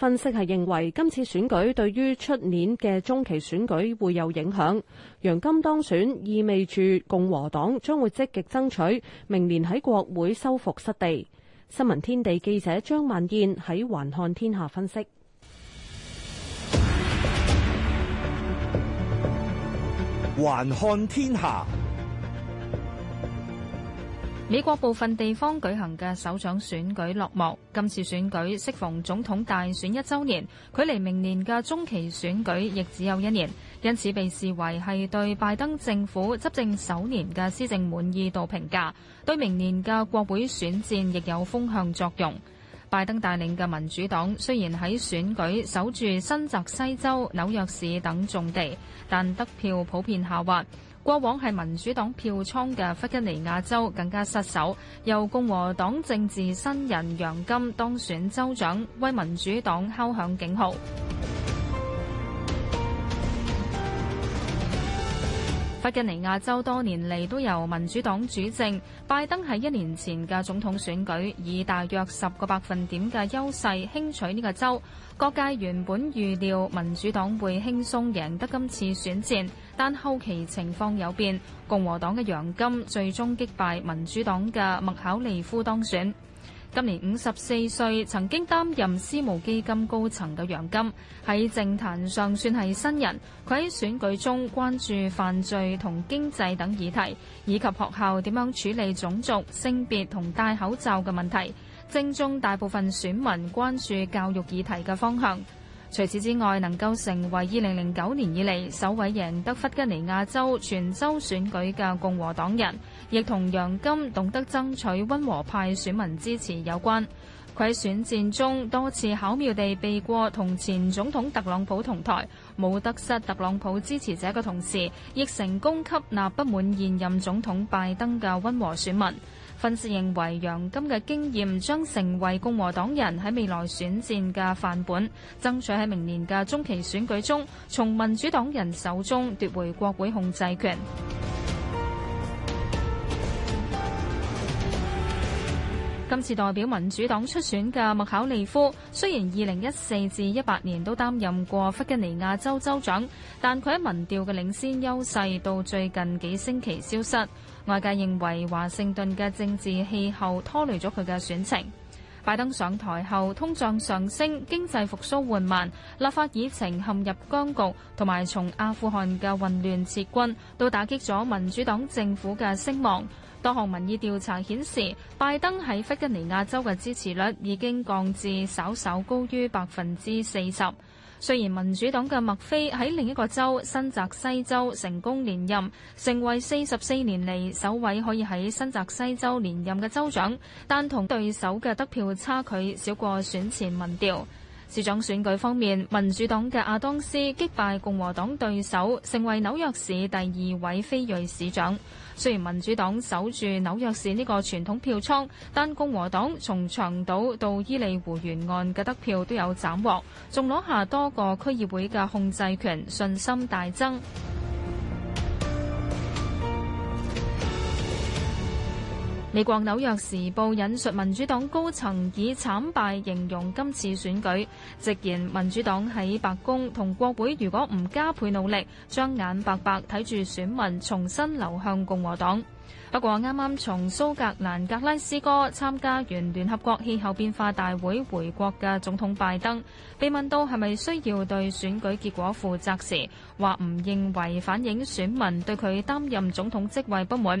分析係認為，今次選舉對於出年嘅中期選舉會有影響。楊金當選意味住共和黨將會積極爭取明年喺國會收復失地。新聞天地記者張萬燕喺環看天下分析。環看天下。分析美國部分地方舉行嘅首長選舉落幕。今次選舉適逢總統大選一周年，距離明年嘅中期選舉亦只有一年，因此被視為係對拜登政府執政首年嘅施政滿意度評價，對明年嘅國會選戰亦有風向作用。拜登帶領嘅民主黨雖然喺選舉守住新澤西州、紐約市等重地，但得票普遍下滑。過往係民主黨票倉嘅弗吉尼亞州更加失守，由共和黨政治新人楊金當選州長，為民主黨敲響警號。弗吉尼亞州多年嚟都由民主黨主政，拜登喺一年前嘅總統選舉以大約十個百分點嘅優勢輕取呢個州，各界原本預料民主黨會輕鬆贏得今次選戰。但後期情況有變，共和黨嘅楊金最終擊敗民主黨嘅麥考利夫當選。今年五十四歲，曾經擔任私募基金高層嘅楊金喺政壇上算係新人。佢喺選舉中關注犯罪同經濟等議題，以及學校點樣處理種族、性別同戴口罩嘅問題，正中大部分選民關注教育議題嘅方向。除此之外，能夠成為2009年以嚟首位贏得弗吉尼亞州全州選舉嘅共和黨人，亦同楊金懂得爭取温和派選民支持有關。佢喺選戰中多次巧妙地避過同前總統特朗普同台，冇得失特朗普支持者嘅同時，亦成功吸納不滿現任總統拜登嘅温和選民。分析認為，楊金嘅經驗將成為共和黨人喺未來選戰嘅範本，爭取喺明年嘅中期選舉中從民主黨人手中奪回國會控制權。今次代表民主黨出選嘅麥考利夫，雖然2014至18年都擔任過弗吉尼亞州州長，但佢喺民調嘅領先優勢到最近幾星期消失。外界認為華盛頓嘅政治氣候拖累咗佢嘅選情。拜登上台後，通脹上升、經濟復甦緩慢、立法議程陷入僵局，同埋從阿富汗嘅混亂撤軍，都打擊咗民主黨政府嘅聲望。多項民意調查顯示，拜登喺弗吉尼亞州嘅支持率已經降至稍稍高於百分之四十。雖然民主黨嘅麥菲喺另一個州新澤西州成功連任，成為四十四年嚟首位可以喺新澤西州連任嘅州長，但同對手嘅得票差距少過選前民調。市長選舉方面，民主黨嘅阿當斯擊敗共和黨對手，成為紐約市第二位非裔市長。雖然民主黨守住紐約市呢個傳統票倉，但共和黨從長島到伊利湖沿岸嘅得票都有斬獲，仲攞下多個區議會嘅控制權，信心大增。美國《紐約時報》引述民主黨高層以慘敗形容今次選舉，直言民主黨喺白宮同國會如果唔加倍努力，將眼白白睇住選民重新流向共和黨。不過啱啱從蘇格蘭格拉斯哥參加完聯合國氣候變化大會回國嘅總統拜登，被問到係咪需要對選舉結果負責時，話唔認為反映選民對佢擔任總統職位不滿。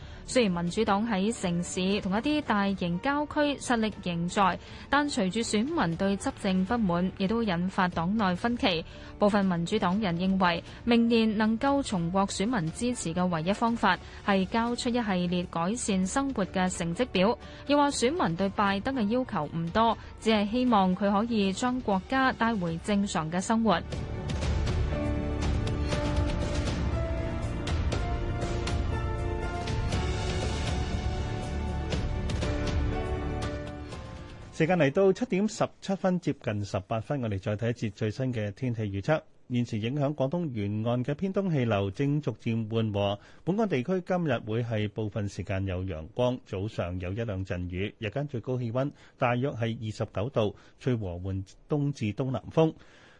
雖然民主黨喺城市同一啲大型郊區實力仍在，但隨住選民對執政不滿，亦都引發黨內分歧。部分民主黨人認為，明年能夠重獲選民支持嘅唯一方法係交出一系列改善生活嘅成績表，又話選民對拜登嘅要求唔多，只係希望佢可以將國家帶回正常嘅生活。時間嚟到七點十七分，接近十八分，我哋再睇一節最新嘅天氣預測。現時影響廣東沿岸嘅偏東氣流正逐漸緩和，本港地區今日會係部分時間有陽光，早上有一兩陣雨，日間最高氣温大約係二十九度，吹和緩東至東南風。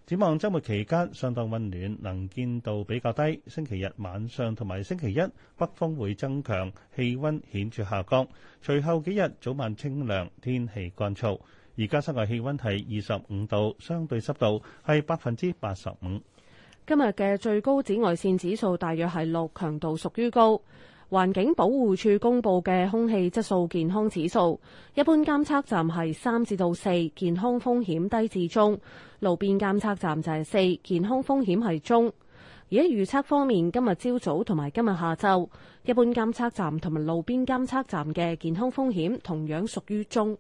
展望周末期間相當温暖，能見度比較低。星期日晚上同埋星期一北風會增強，氣温顯著下降。隨後幾日早晚清涼，天氣乾燥。而家室外氣溫係二十五度，相對濕度係百分之八十五。今日嘅最高紫外線指數大約係六，強度屬於高。環境保護署公布嘅空氣質素健康指數，一般監測站係三至到四，健康風險低至中；路邊監測站就係四，健康風險係中。而喺預測方面，今日朝早同埋今日下晝，一般監測站同埋路邊監測站嘅健康風險同樣屬於中。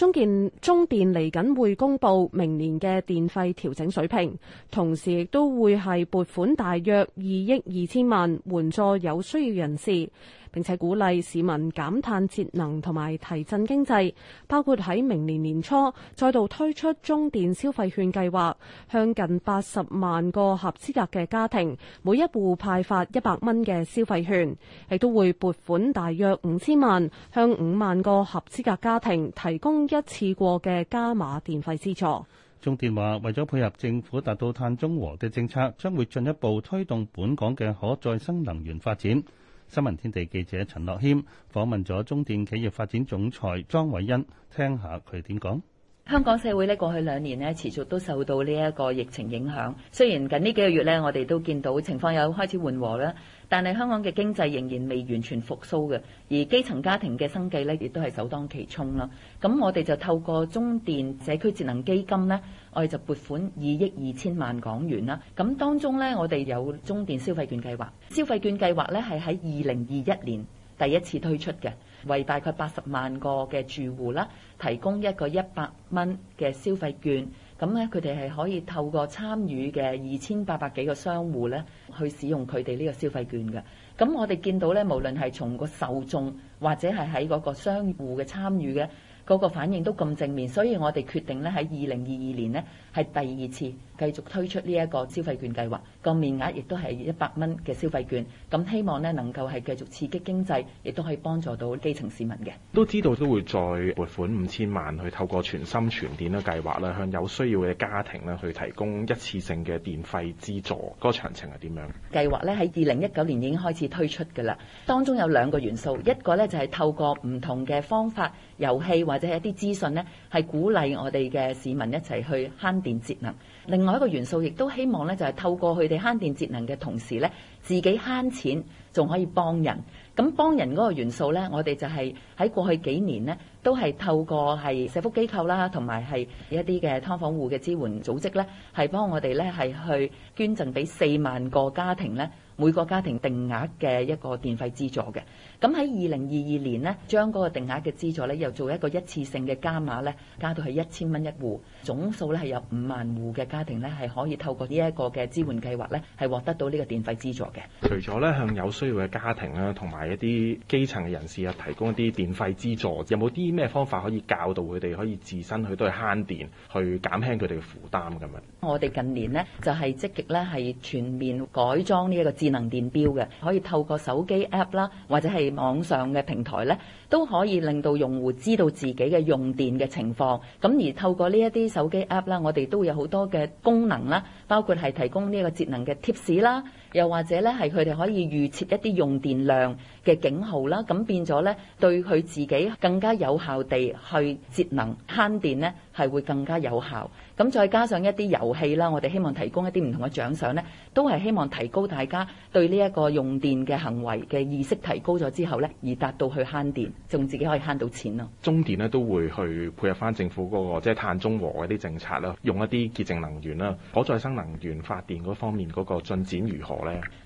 中電中電嚟緊會公布明年嘅電費調整水平，同時亦都會係撥款大約二億二千萬援助有需要人士。並且鼓勵市民減碳節能同埋提振經濟，包括喺明年年初再度推出中電消費券計劃，向近八十萬個合資格嘅家庭每一戶派發一百蚊嘅消費券，亦都會撥款大約五千萬，向五萬個合資格家庭提供一次過嘅加碼電費資助。中電話為咗配合政府達到碳中和嘅政策，將會進一步推動本港嘅可再生能源發展。新聞天地記者陳樂謙訪問咗中電企業發展總裁莊偉恩，聽下佢點講。香港社會咧，過去兩年持續都受到呢一個疫情影響，雖然近呢幾個月我哋都見到情況有開始緩和啦。但係香港嘅經濟仍然未完全復甦嘅，而基層家庭嘅生計咧，亦都係首當其衝啦。咁我哋就透過中電社區節能基金咧，我哋就撥款二億二千萬港元啦。咁當中咧，我哋有中電消費券計劃。消費券計劃咧係喺二零二一年第一次推出嘅，為大概八十萬個嘅住戶啦，提供一個一百蚊嘅消費券。咁咧，佢哋係可以透過參與嘅二千八百幾個商戶咧，去使用佢哋呢個消費券嘅。咁我哋見到咧，無論係從個受眾或者係喺嗰個商戶嘅參與嘅嗰個反應都咁正面，所以我哋決定咧喺二零二二年咧係第二次。繼續推出呢一個消費券計劃，個面額亦都係一百蚊嘅消費券。咁希望呢能夠係繼續刺激經濟，亦都可以幫助到基層市民嘅。都知道都會再撥款五千萬去透過全心傳電嘅計劃啦，向有需要嘅家庭呢去提供一次性嘅電費資助。嗰個詳情係點樣？計劃呢喺二零一九年已經開始推出㗎啦。當中有兩個元素，一個呢就係透過唔同嘅方法、遊戲或者係一啲資訊呢係鼓勵我哋嘅市民一齊去慳電節能。另外一個元素，亦都希望咧，就係透過佢哋慳電節能嘅同時咧，自己慳錢，仲可以幫人。咁幫人嗰個元素咧，我哋就係喺過去幾年咧，都係透過係社福機構啦，同埋係一啲嘅劏房戶嘅支援組織咧，係幫我哋咧係去捐贈俾四萬個家庭咧。每個家庭定額嘅一個電費資助嘅，咁喺二零二二年呢，將嗰個定額嘅資助呢，又做一個一次性嘅加碼呢，加到係一千蚊一戶，總數呢，係有五萬戶嘅家庭呢，係可以透過呢一個嘅支援計劃呢，係獲得到呢個電費資助嘅。除咗呢，向有需要嘅家庭啊，同埋一啲基層嘅人士啊，提供一啲電費資助，有冇啲咩方法可以教導佢哋可以自身去都係慳電，去減輕佢哋嘅負擔咁樣？我哋近年呢，就係積極呢，係全面改裝呢一個節能電表嘅，可以透過手機 app 啦，或者係網上嘅平台咧，都可以令到用戶知道自己嘅用電嘅情況。咁而透過呢一啲手機 app 啦，我哋都會有好多嘅功能啦，包括係提供呢個節能嘅貼士啦。又或者咧，係佢哋可以預設一啲用電量嘅警號啦，咁變咗咧對佢自己更加有效地去節能慳電呢，係會更加有效。咁再加上一啲遊戲啦，我哋希望提供一啲唔同嘅獎賞呢，都係希望提高大家對呢一個用電嘅行為嘅意識提高咗之後呢，而達到去慳電，仲自己可以慳到錢咯。中電呢都會去配合翻政府嗰個即係碳中和嗰啲政策啦，用一啲潔淨能源啦，可再生能源發電嗰方面嗰個進展如何？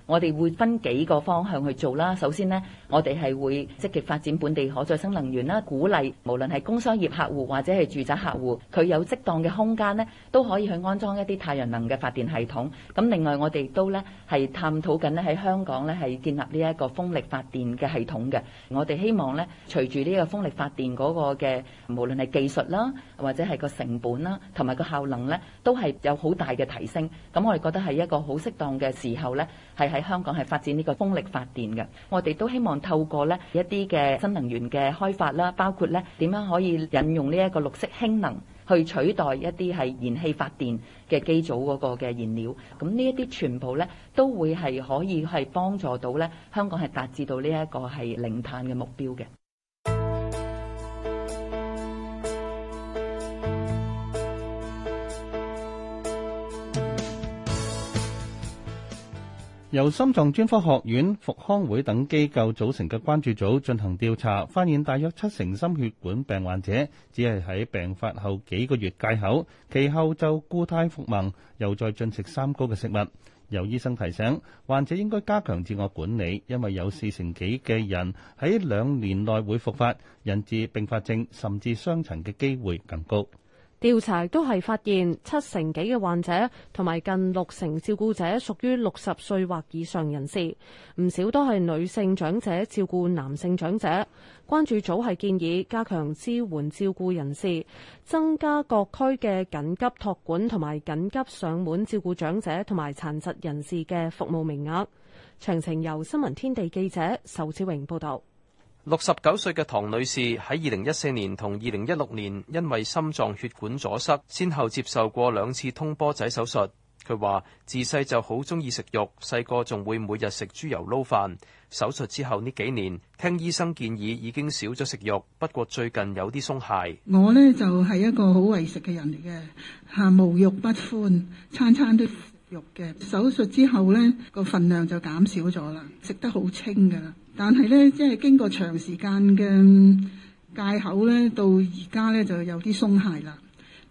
我哋會分幾個方向去做啦。首先呢，我哋係會積極發展本地可再生能源啦，鼓勵無論係工商業客戶或者係住宅客戶，佢有適當嘅空間呢都可以去安裝一啲太陽能嘅發電系統。咁另外，我哋都咧係探討緊咧喺香港咧係建立呢一個風力發電嘅系統嘅。我哋希望咧，隨住呢個風力發電嗰個嘅，無論係技術啦，或者係個成本啦，同埋個效能咧，都係有好大嘅提升。咁我哋覺得係一個好適當嘅時候咧，係喺香港係發展呢個風力發電嘅。我哋都希望透過咧一啲嘅新能源嘅開發啦，包括咧點樣可以引用呢一個綠色氫能去取代一啲係燃氣發電嘅機組嗰個嘅燃料。咁呢一啲全部咧都會係可以係幫助到咧香港係達至到呢一個係零碳嘅目標嘅。由心臟專科學院、復康會等機構組成嘅關注組進行調查，發現大約七成心血管病患者只係喺病發後幾個月戒口，其後就故態復萌，又再進食三高嘅食物。有醫生提醒，患者應該加強自我管理，因為有四成幾嘅人喺兩年內會復發，引致併發症甚至傷殘嘅機會更高。調查都係發現七成幾嘅患者同埋近六成照顧者屬於六十歲或以上人士，唔少都係女性長者照顧男性長者。關注組係建議加強支援照顧人士，增加各區嘅緊急託管同埋緊急上門照顧長者同埋殘疾人士嘅服務名額。詳情由新聞天地記者仇志榮報道。六十九歲嘅唐女士喺二零一四年同二零一六年因為心臟血管阻塞，先後接受過兩次通波仔手術。佢話自細就好中意食肉，細個仲會每日食豬油撈飯。手術之後呢幾年，聽醫生建議已經少咗食肉，不過最近有啲鬆懈。我呢就係一個好為食嘅人嚟嘅，吓，無肉不歡，餐餐都肉嘅。手術之後呢，個份量就減少咗啦，食得好清噶啦。但係咧，即係經過長時間嘅戒口咧，到而家咧就有啲鬆懈啦。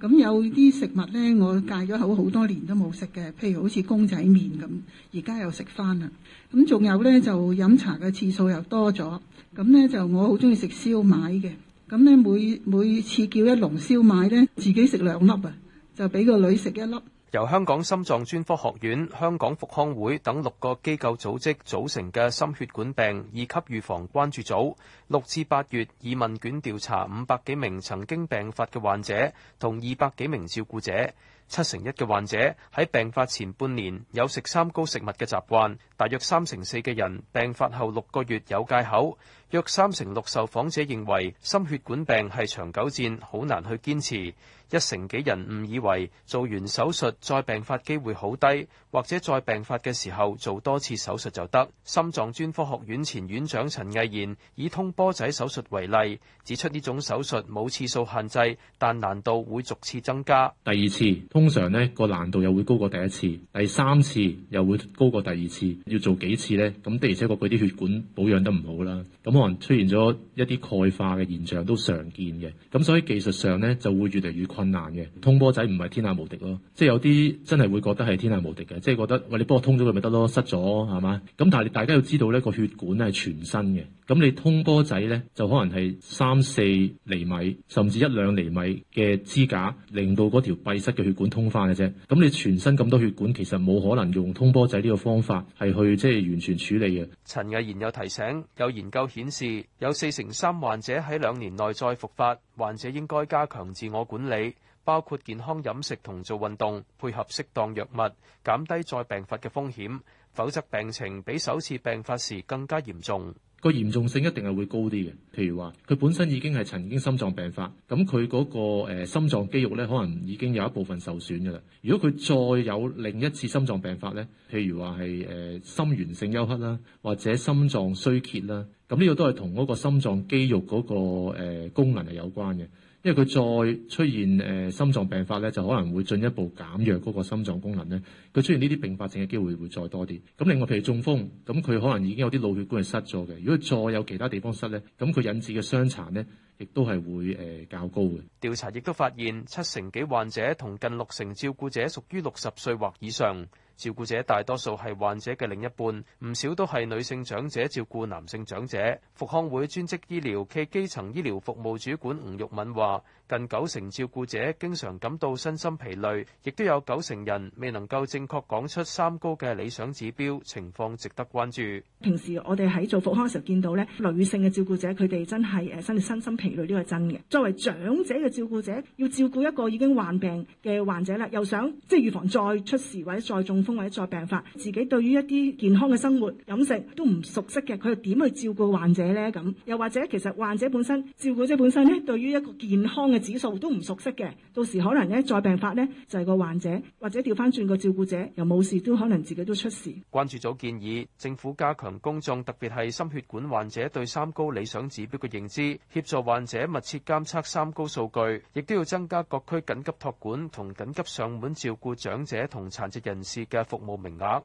咁有啲食物咧，我戒咗口好多年都冇食嘅，譬如好似公仔麵咁，而家又食翻啦。咁仲有咧就飲茶嘅次數又多咗。咁咧就我好中意食燒賣嘅。咁咧每每次叫一籠燒賣咧，自己食兩粒啊，就俾個女食一粒。由香港心臟專科學院、香港復康會等六個機構組織組成嘅心血管病二級預防關注組，六至八月以問卷調查五百幾名曾經病發嘅患者同二百幾名照顧者，七成一嘅患者喺病發前半年有食三高食物嘅習慣，大約三成四嘅人病發後六個月有戒口，約三成六受訪者認為心血管病係長久戰，好難去堅持。一成幾人誤以為做完手術再病發機會好低，或者再病發嘅時候做多次手術就得。心臟專科學院前院長陳毅賢以通波仔手術為例，指出呢種手術冇次數限制，但難度會逐次增加。第二次通常呢個難度又會高過第一次，第三次又會高過第二次。要做幾次呢？咁的而且確佢啲血管保養得唔好啦，咁可能出現咗一啲鈣化嘅現象都常見嘅。咁所以技術上呢就會越嚟越。困難嘅通波仔唔係天下無敵咯。即係有啲真係會覺得係天下無敵嘅，即係覺得喂，你幫我通咗佢咪得咯，失咗係嘛？咁但係大家要知道咧，個血管咧係全身嘅。咁你通波仔呢，就可能係三四厘米，甚至一兩厘米嘅支架，令到嗰條閉塞嘅血管通返嘅啫。咁你全身咁多血管，其實冇可能用通波仔呢個方法係去即係、就是、完全處理嘅。陳藝賢有提醒，有研究顯示有四成三患者喺兩年內再復發，患者應該加強自我管理，包括健康飲食同做運動，配合適當藥物，減低再病發嘅風險。否則病情比首次病發時更加嚴重。個嚴重性一定係會高啲嘅，譬如話佢本身已經係曾經心臟病發，咁佢嗰個、呃、心臟肌肉咧，可能已經有一部分受損㗎啦。如果佢再有另一次心臟病發咧，譬如話係、呃、心源性休克啦，或者心臟衰竭啦，咁呢個都係同嗰個心臟肌肉嗰個、呃、功能係有關嘅。因為佢再出現誒心臟病發咧，就可能會進一步減弱嗰個心臟功能咧。佢出現呢啲併發症嘅機會會再多啲。咁另外譬如中風，咁佢可能已經有啲腦血管係塞咗嘅。如果再有其他地方塞咧，咁佢引致嘅傷殘咧，亦都係會誒較高嘅。調查亦都發現，七成幾患者同近六成照顧者屬於六十歲或以上。照顧者大多數係患者嘅另一半，唔少都係女性長者照顧男性長者。復康會專職醫療暨基層醫療服務主管吳玉敏話。近九成照顧者經常感到身心疲累，亦都有九成人未能夠正確講出三高嘅理想指標，情況值得關注。平時我哋喺做復康嘅時候見到咧，女性嘅照顧者佢哋真係誒身身心疲累呢、這個係真嘅。作為長者嘅照顧者，要照顧一個已經患病嘅患者咧，又想即係預防再出事，或者再中風，或者再病發，自己對於一啲健康嘅生活飲食都唔熟悉嘅，佢又點去照顧患者咧？咁又或者其實患者本身照顧者本身咧，對於一個健康。嘅指數都唔熟悉嘅，到時可能咧再病發呢，就係個患者，或者調翻轉個照顧者又冇事，都可能自己都出事。關注組建議政府加強公眾，特別係心血管患者對三高理想指標嘅認知，協助患者密切監測三高數據，亦都要增加各區緊急托管同緊急上門照顧長者同殘疾人士嘅服務名額。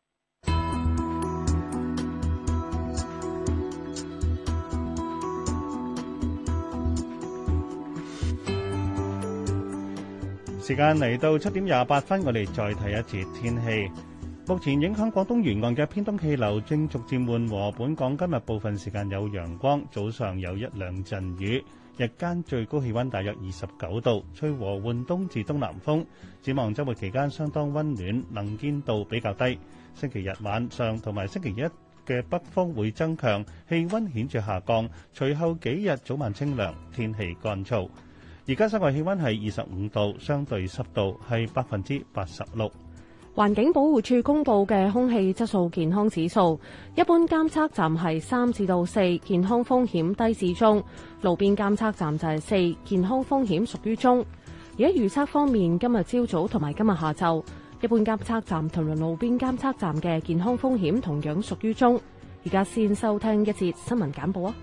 時間嚟到七點廿八分，我哋再睇一次天氣。目前影響廣東沿岸嘅偏東氣流正逐漸緩和，本港今日部分時間有陽光，早上有一兩陣雨，日間最高氣温大約二十九度，吹和緩東至東南風。展望週末期間相當温暖，能見度比較低。星期日晚上同埋星期一嘅北風會增強，氣温顯著下降。隨後幾日早晚清涼，天氣乾燥。而家室外氣溫係二十五度，相對濕度係百分之八十六。環境保護署公布嘅空氣質素健康指數一般監測站係三至到四，健康風險低至中；路邊監測站就係四，健康風險屬於中。而喺預測方面，今日朝早同埋今日下晝一般監測站同埋路邊監測站嘅健康風險同樣屬於中。而家先收聽一節新聞簡報啊！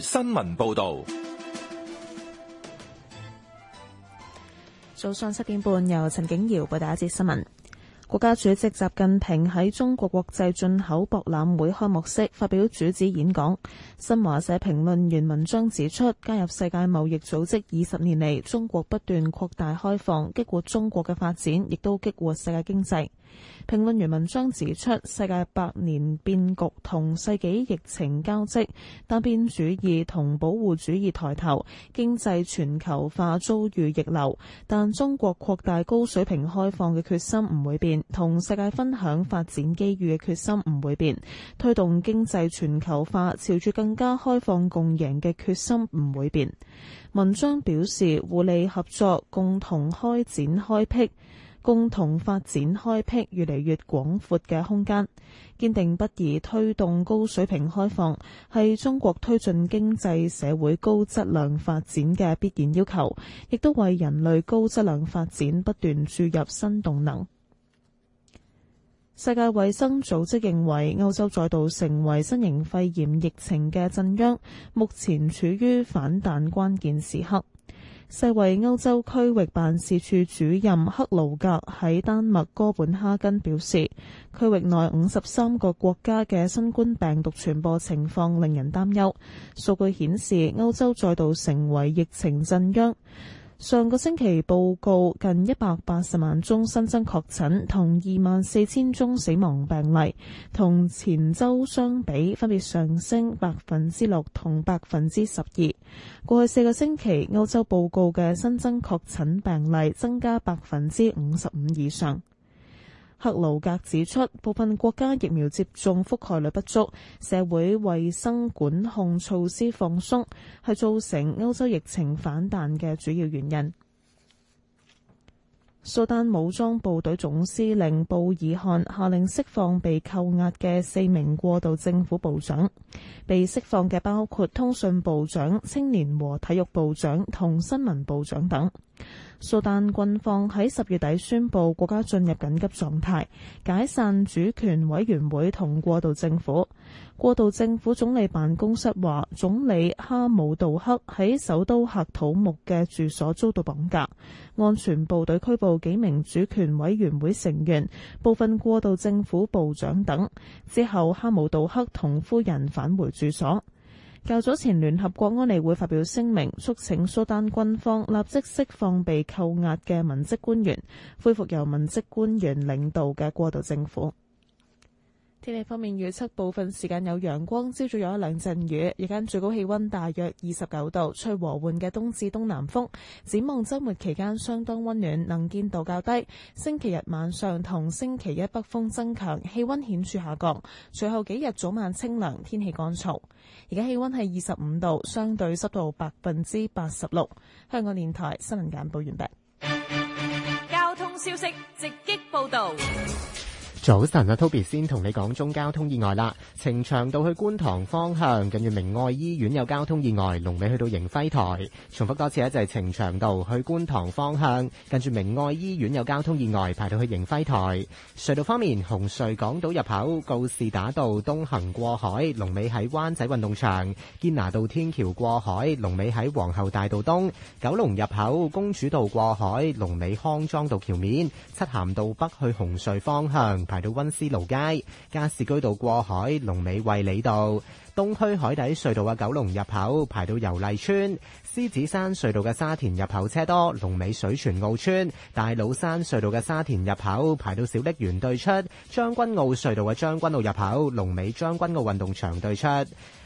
新聞報道。早上七點半，由陳景堯報道一節新聞。國家主席習近平喺中國國際進口博覽會開幕式發表主旨演講。新華社評論員文章指出，加入世界貿易組織二十年嚟，中國不斷擴大開放，激活中國嘅發展，亦都激活世界經濟。評論員文章指出，世界百年變局同世紀疫情交織，單邊主義同保護主義抬頭，經濟全球化遭遇逆流，但中國擴大高水平開放嘅決心唔會變。同世界分享發展機遇嘅決心唔會變，推動經濟全球化朝住更加開放共贏嘅決心唔會變。文章表示，互利合作、共同開展、開闢、共同發展、開闢越嚟越廣闊嘅空間，堅定不移推動高水平開放，係中國推進經濟社會高質量發展嘅必然要求，亦都為人類高質量發展不斷注入新動能。世界衛生組織認為歐洲再度成為新型肺炎疫情嘅震央，目前處於反彈關鍵時刻。世衛歐洲區域辦事處主任克魯格喺丹麥哥本哈根表示，區域內五十三個國家嘅新冠病毒傳播情況令人擔憂。數據顯示歐洲再度成為疫情震央。上個星期報告近一百八十萬宗新增確診，同二萬四千宗死亡病例。同前周相比，分別上升百分之六同百分之十二。過去四個星期，歐洲報告嘅新增確診病例增加百分之五十五以上。克魯格指出，部分國家疫苗接種覆蓋率不足、社會衛生管控措施放鬆，係造成歐洲疫情反彈嘅主要原因。蘇丹武裝部隊總司令布爾漢下令釋放被扣押嘅四名過渡政府部長，被釋放嘅包括通訊部長、青年和體育部長同新聞部長等。蘇丹軍方喺十月底宣佈國家進入緊急狀態，解散主權委員會同過渡政府。過渡政府總理辦公室話，總理哈姆杜克喺首都喀土木嘅住所遭到綁架，安全部隊拘捕幾名主權委員會成員、部分過渡政府部長等。之後，哈姆杜克同夫人返回住所。較早前，聯合國安理會發表聲明，促請蘇丹軍方立即釋放被扣押嘅文職官員，恢復由文職官員領導嘅過渡政府。天氣方面預測，部分時間有陽光，朝早有一兩陣雨，日間最高氣溫大約二十九度，吹和緩嘅東至東南風。展望周末期間相當溫暖，能見度較低。星期日晚上上同星期一北風增強，氣溫顯著下降。隨後幾日早晚清涼，天氣乾燥。而家氣溫係二十五度，相對濕度百分之八十六。香港電台新聞簡報完畢。交通消息直擊報道。早晨啊，Toby 先同你講中交通意外啦。呈祥道去觀塘方向，近住明愛醫院有交通意外，龍尾去到迎輝台。重複多次一就係呈祥道去觀塘方向，近住明愛醫院有交通意外，排到去迎輝台。隧道方面，紅隧港島入口告士打道東行過海，龍尾喺灣仔運動場；堅拿道天橋過海，龍尾喺皇后大道東；九龍入口公主道過海，龍尾康莊道橋面；漆咸道北去紅隧方向排到溫斯勞街、加士居道過海、龍尾衛里道。東區海底隧道嘅九龍入口排到油麗邨，獅子山隧道嘅沙田入口車多，龍尾水泉澳村；大老山隧道嘅沙田入口排到小瀝源對出，將軍澳隧道嘅將軍澳入口龍尾將軍澳運動場對出。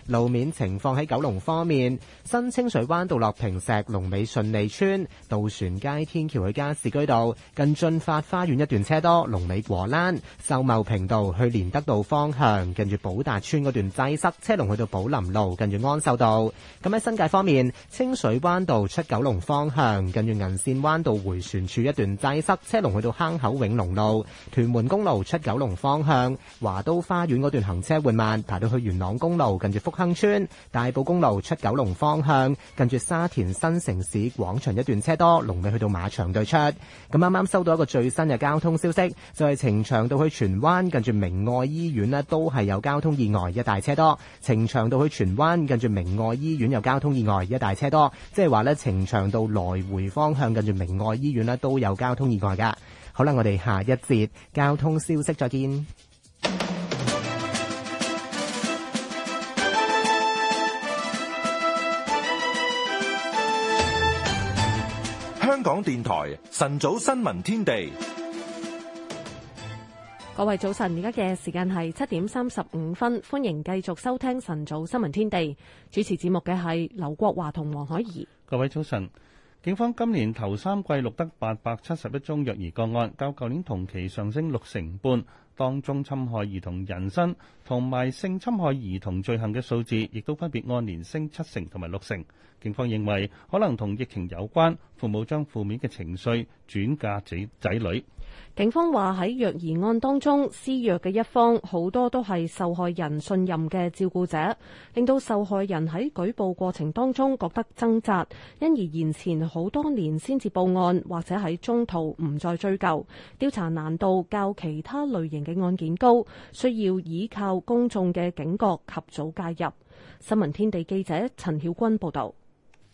路面情況，喺九龍方面，新清水灣道落坪石龍尾順利村，渡船街天橋去加士居道近駿發花園一段車多，龍尾果欄，秀茂坪道去連德道方向，跟住寶達村嗰段擠塞車龍去到寶林路近住安秀道，咁喺新界方面，清水灣道出九龍方向近住銀線灣道回旋處一段擠塞，車龍去到坑口永隆路；屯門公路出九龍方向，華都花園嗰段行車緩慢，排到去元朗公路近住福亨村；大埔公路出九龍方向，近住沙田新城市廣場一段車多，龍尾去到馬場對出。咁啱啱收到一個最新嘅交通消息，就係呈祥道去荃灣近住明愛醫院呢，都係有交通意外，一大車多。呈祥道去荃灣，近住明愛醫院有交通意外，而家大車多，即係話咧，呈祥道來回方向，近住明愛醫院咧都有交通意外噶。好啦，我哋下一節交通消息再見。香港電台晨早新聞天地。各位早晨，而家嘅時間係七點三十五分，歡迎繼續收聽晨早新聞天地。主持節目嘅係劉國華同黃海怡。各位早晨，警方今年頭三季錄得八百七十一宗虐兒個案，較舊年同期上升六成半，當中侵害兒童人身同埋性侵害兒童罪行嘅數字，亦都分別按年升七成同埋六成。警方認為可能同疫情有關，父母將負面嘅情緒轉嫁仔仔女。警方話喺虐兒案當中，施虐嘅一方好多都係受害人信任嘅照顧者，令到受害人喺舉報過程當中覺得掙扎，因而延前好多年先至報案，或者喺中途唔再追究。調查難度較其他類型嘅案件高，需要依靠公眾嘅警覺及早介入。新聞天地記者陳曉君報道。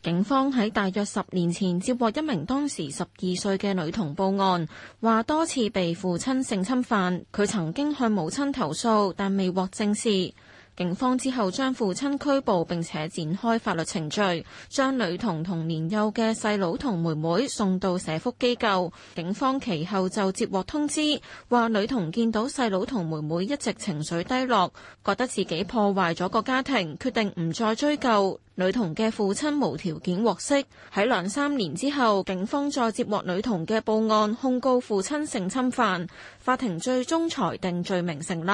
警方喺大約十年前接獲一名當時十二歲嘅女童報案，話多次被父親性侵犯。佢曾經向母親投訴，但未獲正視。警方之後將父親拘捕，並且展開法律程序，將女童同年幼嘅細佬同妹妹送到社福機構。警方其後就接獲通知，話女童見到細佬同妹妹一直情緒低落，覺得自己破壞咗個家庭，決定唔再追究。女童嘅父親無條件獲釋，喺兩三年之後，警方再接獲女童嘅報案，控告父親性侵犯，法庭最終裁定罪名成立。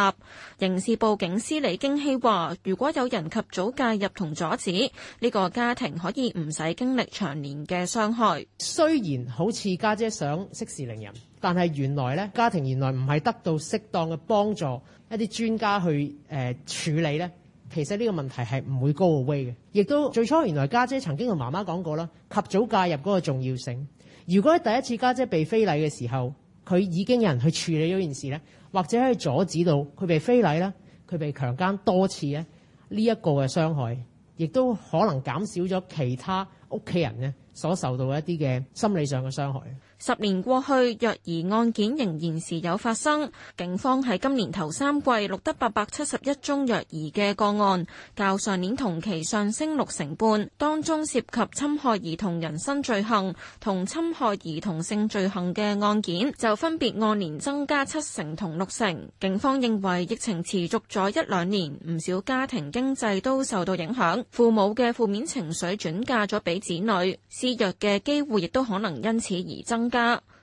刑事部警司李京希話，如果有人及早介入同阻止，呢、這個家庭可以唔使經歷長年嘅傷害。雖然好似家姐，姐想息事寧人，但係原來咧，家庭原來唔係得到適當嘅幫助，一啲專家去誒、呃、處理咧。其實呢個問題係唔會 go away 嘅，亦都最初原來家姐曾經同媽媽講過啦，及早介入嗰個重要性。如果喺第一次家姐被非禮嘅時候，佢已經有人去處理咗件事呢，或者可以阻止到佢被非禮啦，佢被強姦多次呢，呢一個嘅傷害，亦都可能減少咗其他屋企人呢所受到一啲嘅心理上嘅傷害。十年過去，虐兒案件仍然時有發生。警方喺今年頭三季錄得八百七十一宗虐兒嘅個案，較上年同期上升六成半。當中涉及侵害兒童人身罪行同侵害兒童性罪行嘅案件，就分別按年增加七成同六成。警方認為疫情持續咗一兩年，唔少家庭經濟都受到影響，父母嘅負面情緒轉嫁咗俾子女，施虐嘅機會亦都可能因此而增加。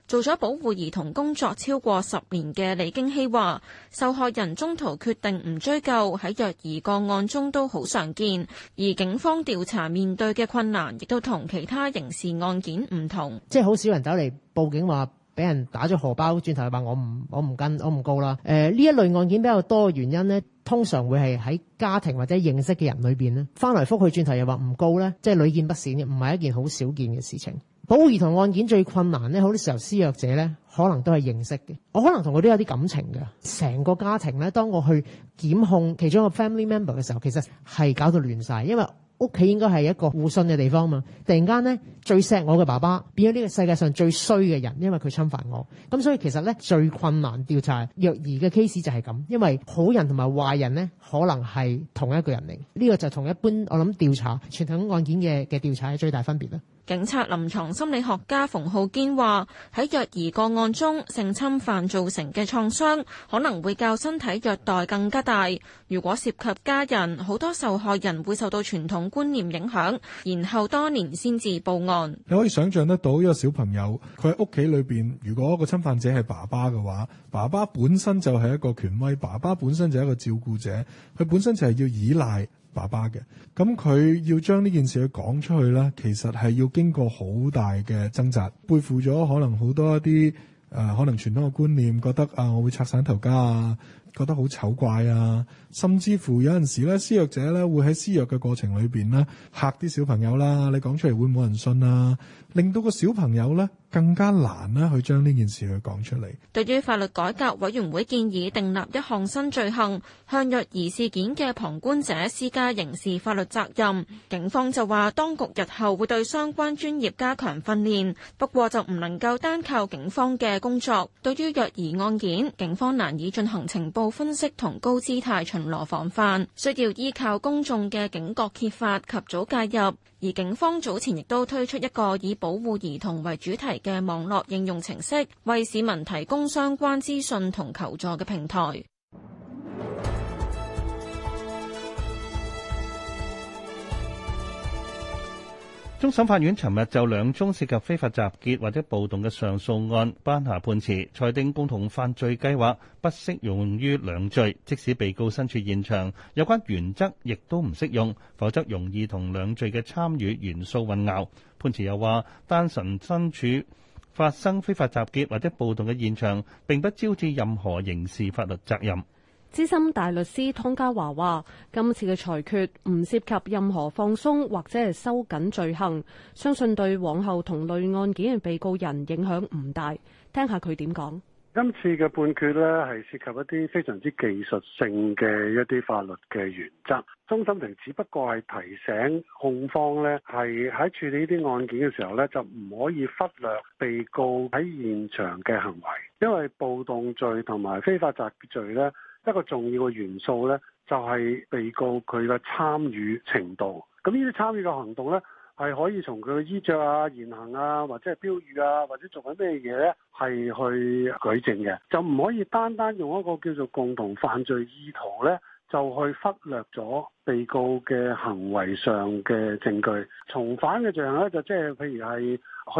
做咗保護兒童工作超過十年嘅李京希話，受害人中途決定唔追究喺虐兒個案中都好常見，而警方調查面對嘅困難亦都同其他刑事案件唔同。即係好少人走嚟報警話俾人打咗荷包，轉頭又話我唔我唔跟我唔告啦。誒、呃、呢一類案件比較多嘅原因呢，通常會係喺家庭或者認識嘅人裏邊咧，翻來覆去轉頭又話唔告咧，即係屢見不鮮，唔係一件好少見嘅事情。保護兒童案件最困難咧，好多時候施虐者咧可能都係認識嘅，我可能同佢都有啲感情嘅。成個家庭咧，當我去檢控其中一個 family member 嘅時候，其實係搞到亂晒，因為屋企應該係一個互信嘅地方嘛。突然間咧，最錫我嘅爸爸變咗呢個世界上最衰嘅人，因為佢侵犯我。咁所以其實咧最困難調查虐兒嘅 case 就係咁，因為好人同埋壞人咧可能係同一個人嚟。呢個就同一般我諗調查傳統案件嘅嘅調查係最大分別啦。警察、臨床心理學家馮浩堅話：喺虐兒個案中，性侵犯造成嘅創傷可能會較身體虐待更加大。如果涉及家人，好多受害人會受到傳統觀念影響，然後多年先至報案。你可以想像得到，一個小朋友佢喺屋企裏邊，如果個侵犯者係爸爸嘅話，爸爸本身就係一個權威，爸爸本身就係一個照顧者，佢本身就係要依賴。爸爸嘅，咁佢要將呢件事去講出去咧，其實係要經過好大嘅掙扎，背負咗可能好多一啲，誒、呃，可能傳統嘅觀念，覺得啊、呃、我會拆散頭家啊，覺得好醜怪啊。甚至乎有陣時咧，施虐者咧會喺施虐嘅過程裏邊咧嚇啲小朋友啦，你講出嚟會冇人信啊，令到個小朋友咧更加難咧去將呢件事去講出嚟。對於法律改革委員會建議訂立一項新罪行，向虐兒事件嘅旁觀者施加刑事法律責任，警方就話當局日後會對相關專業加強訓練，不過就唔能夠單靠警方嘅工作。對於虐兒案件，警方難以進行情報分析同高姿態巡。巡邏防範，需要依靠公眾嘅警覺揭發及早介入，而警方早前亦都推出一個以保護兒童為主題嘅網絡應用程式，為市民提供相關資訊同求助嘅平台。終審法院尋日就兩宗涉及非法集結或者暴動嘅上訴案，頒下判詞裁定共同犯罪計劃不適用於兩罪，即使被告身處現場，有關原則亦都唔適用，否則容易同兩罪嘅參與元素混淆。判詞又話，單純身處發生非法集結或者暴動嘅現場，並不招致任何刑事法律責任。資深大律師湯家驊話，今次嘅裁決唔涉及任何放鬆或者係收緊罪行，相信對往後同類案件嘅被告人影響唔大。聽下佢點講。今次嘅判決咧，係涉及一啲非常之技術性嘅一啲法律嘅原則。終審庭只不過係提醒控方咧，係喺處理呢啲案件嘅時候咧，就唔可以忽略被告喺現場嘅行為，因為暴動罪同埋非法集結罪咧。一個重要嘅元素呢，就係被告佢嘅參與程度。咁呢啲參與嘅行動呢，係可以從佢嘅衣着啊、言行啊，或者係標語啊，或者做緊咩嘢呢，係去舉證嘅。就唔可以單單用一個叫做共同犯罪意圖呢，就去忽略咗被告嘅行為上嘅證據，從犯嘅罪行咧就即係譬如係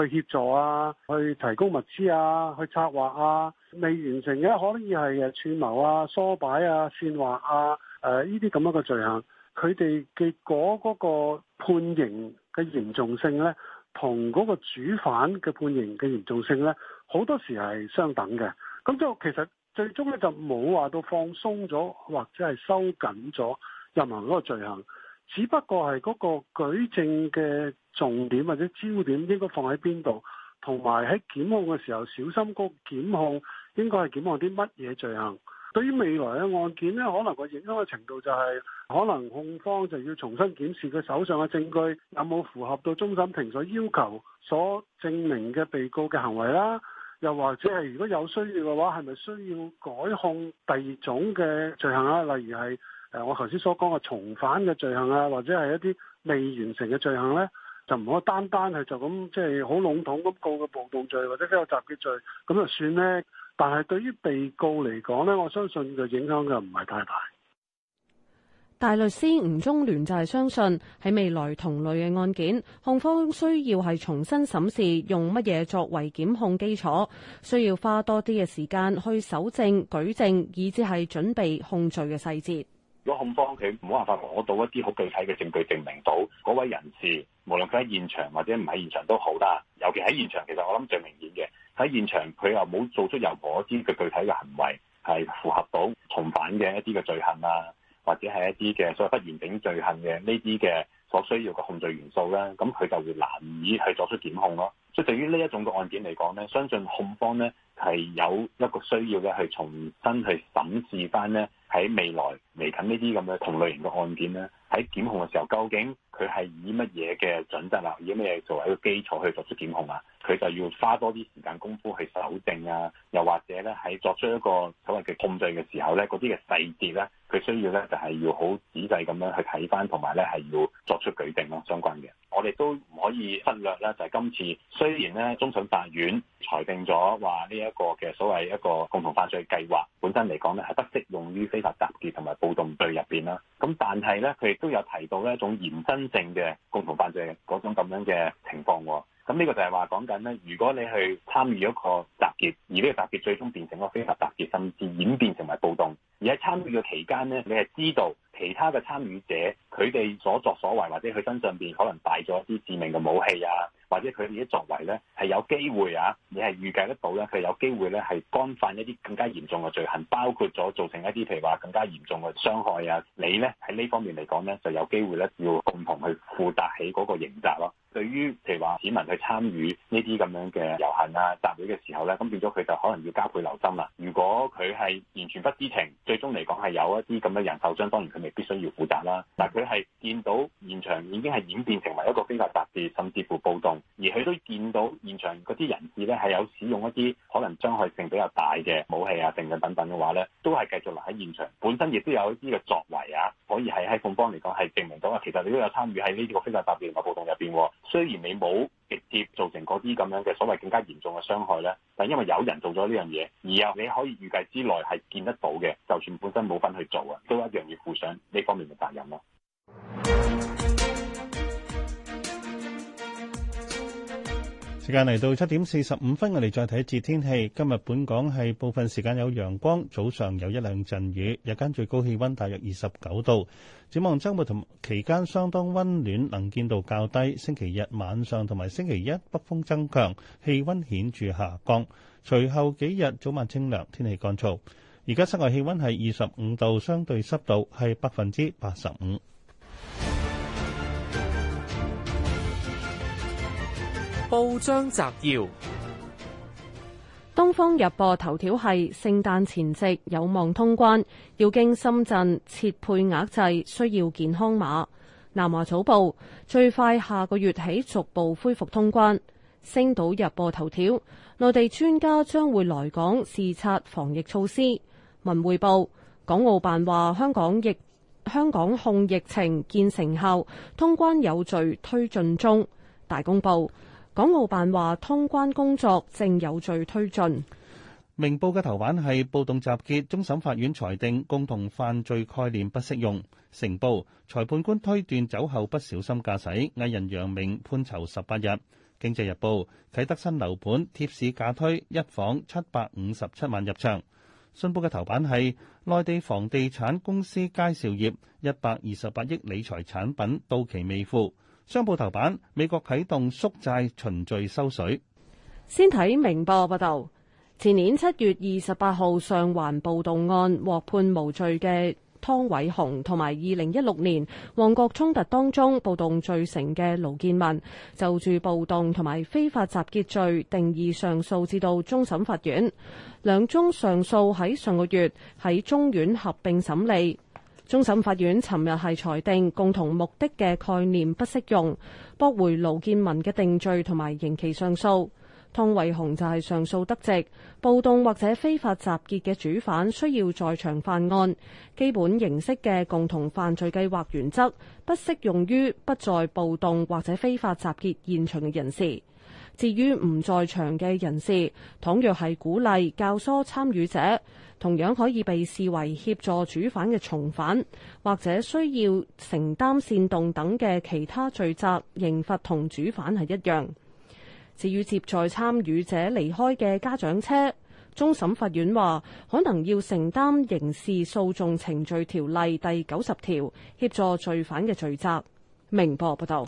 去協助啊，去提供物資啊，去策劃啊，未完成嘅可以係誒串謀啊、唆擺啊、煽惑啊，誒呢啲咁樣嘅罪行，佢哋嘅果嗰個判刑嘅嚴重性咧，同嗰個主犯嘅判刑嘅嚴重性咧，好多時係相等嘅，咁就其實。最終咧就冇話到放鬆咗，或者係收緊咗任何嗰個罪行，只不過係嗰個舉證嘅重點或者焦點應該放喺邊度，同埋喺檢控嘅時候，小心嗰個檢控應該係檢控啲乜嘢罪行。對於未來嘅案件呢，可能個影響嘅程度就係可能控方就要重新檢視佢手上嘅證據有冇符合到終審庭所要求所證明嘅被告嘅行為啦。又或者係如果有需要嘅話，係咪需要改控第二種嘅罪行啊？例如係誒我頭先所講嘅重犯嘅罪行啊，或者係一啲未完成嘅罪行呢，就唔可單單係就咁即係好籠統咁告個暴動罪或者比個集結罪咁就算呢。但係對於被告嚟講呢，我相信佢影響嘅唔係太大。大律師吳中聯就係相信喺未來同類嘅案件，控方需要係重新審視用乜嘢作為檢控基礎，需要花多啲嘅時間去搜證、舉證，以至係準備控罪嘅細節。如果控方佢冇辦法攞到一啲好具體嘅證據證明到嗰位人士，無論佢喺現場或者唔喺現場都好啦。尤其喺現場，其實我諗最明顯嘅喺現場，佢又冇做出任何一啲嘅具體嘅行為，係符合到重犯嘅一啲嘅罪行啊。或者係一啲嘅所謂不完整罪行嘅呢啲嘅所需要嘅控罪元素咧，咁佢就會難以去作出檢控咯。所以對於呢一種嘅案件嚟講咧，相信控方咧係有一個需要咧，係重新去審視翻咧喺未來嚟緊呢啲咁嘅同類型嘅案件咧。喺檢控嘅時候，究竟佢係以乜嘢嘅準則啊，以咩作為一個基礎去作出檢控啊？佢就要花多啲時間功夫去搜證啊，又或者咧喺作出一個所謂嘅控制嘅時候咧，嗰啲嘅細節咧，佢需要咧就係要好仔細咁樣去睇翻，同埋咧係要作出舉證咯，相關嘅。我哋都唔可以忽略啦，就係、是、今次雖然咧，終審法院裁定咗話呢一個嘅所謂一個共同犯罪計劃本身嚟講咧係不適用於非法集結同埋暴動罪入邊啦。咁但係咧佢都有提到呢一種延伸性嘅共同犯罪嗰種咁樣嘅情況。咁呢個就係話講緊咧，如果你去參與一個集結，而呢個集結最終變成個個非法集結，甚至演變成為暴動，而喺參與嘅期間咧，你係知道其他嘅參與者佢哋所作所為，或者佢身上邊可能帶咗一啲致命嘅武器啊，或者佢哋啲作為咧係有機會啊，你係預計得到咧佢有機會咧係干犯一啲更加嚴重嘅罪行，包括咗造成一啲譬如話更加嚴重嘅傷害啊，你咧喺呢方面嚟講咧就有機會咧要共同去負責起嗰個刑責咯。對於譬如話市民去參與呢啲咁樣嘅遊行啊集會嘅時候咧，咁變咗佢就可能要加倍留心啦。如果佢係完全不知情，最終嚟講係有一啲咁嘅人受傷，當然佢未必需要負責啦。但佢係見到現場已經係演變成為一個非法集結，甚至乎暴動，而佢都見到現場嗰啲人士咧係有使用一啲可能傷害性比較大嘅武器啊等等等等嘅話咧，都係繼續留喺現場，本身亦都有一啲嘅作為啊，可以係喺警方嚟講係證明到話、啊、其實你都有參與喺呢個非法集結同埋暴動入邊、啊。雖然你冇直接造成嗰啲咁樣嘅所謂更加嚴重嘅傷害呢，但因為有人做咗呢樣嘢，而又你可以預計之內係見得到嘅，就算本身冇份去做啊，都一樣要負上呢方面嘅責任咯。時間嚟到七點四十五分，我哋再睇一次天氣。今日本港係部分時間有陽光，早上有一兩陣雨，日間最高氣溫大約二十九度。展望周末同期間相當溫暖，能見度較低。星期日晚上同埋星期一北風增強，氣溫顯著下降。隨後幾日早晚清涼，天氣乾燥。而家室外氣溫係二十五度，相對濕度係百分之八十五。報章摘要：東方日報頭條係聖誕前夕有望通關，要經深圳設配額制，需要健康碼。南華早報最快下個月起逐步恢復通關。星島日報頭條內地專家將會來港視察防疫措施。文匯報港澳辦話香港疫香港控疫情見成效，通關有序推進中。大公報。港澳辦話通關工作正有序推進。明報嘅頭版係暴動集結，終審法院裁定共同犯罪概念不適用。成報，裁判官推斷酒後不小心駕駛，藝人楊明判囚十八日。經濟日報，啟德新樓盤貼市價推一房七百五十七萬入場。信報嘅頭版係內地房地產公司佳兆業一百二十八億理財產品到期未付。商報頭版：美國啟動縮債循序收水。先睇明報報道，前年七月二十八號上環暴動案獲判無罪嘅湯偉雄，同埋二零一六年旺角衝突當中暴動罪成嘅盧建文，就住暴動同埋非法集結罪，定義上訴至到終審法院。兩宗上訴喺上個月喺中院合併審理。終審法院尋日係裁定共同目的嘅概念不適用，駁回盧建文嘅定罪同埋刑期上訴。湯偉雄就係上訴得直。暴動或者非法集結嘅主犯需要在場犯案，基本形式嘅共同犯罪計劃原則不適用於不在暴動或者非法集結現場嘅人士。至於唔在場嘅人士，倘若係鼓勵、教唆參與者，同樣可以被視為協助主犯嘅從犯，或者需要承擔煽動等嘅其他罪責，刑罰同主犯係一樣。至於接載參與者離開嘅家長車，終審法院話可能要承擔《刑事訴訟程序條例第90條》第九十條協助罪犯嘅罪責。明報報道。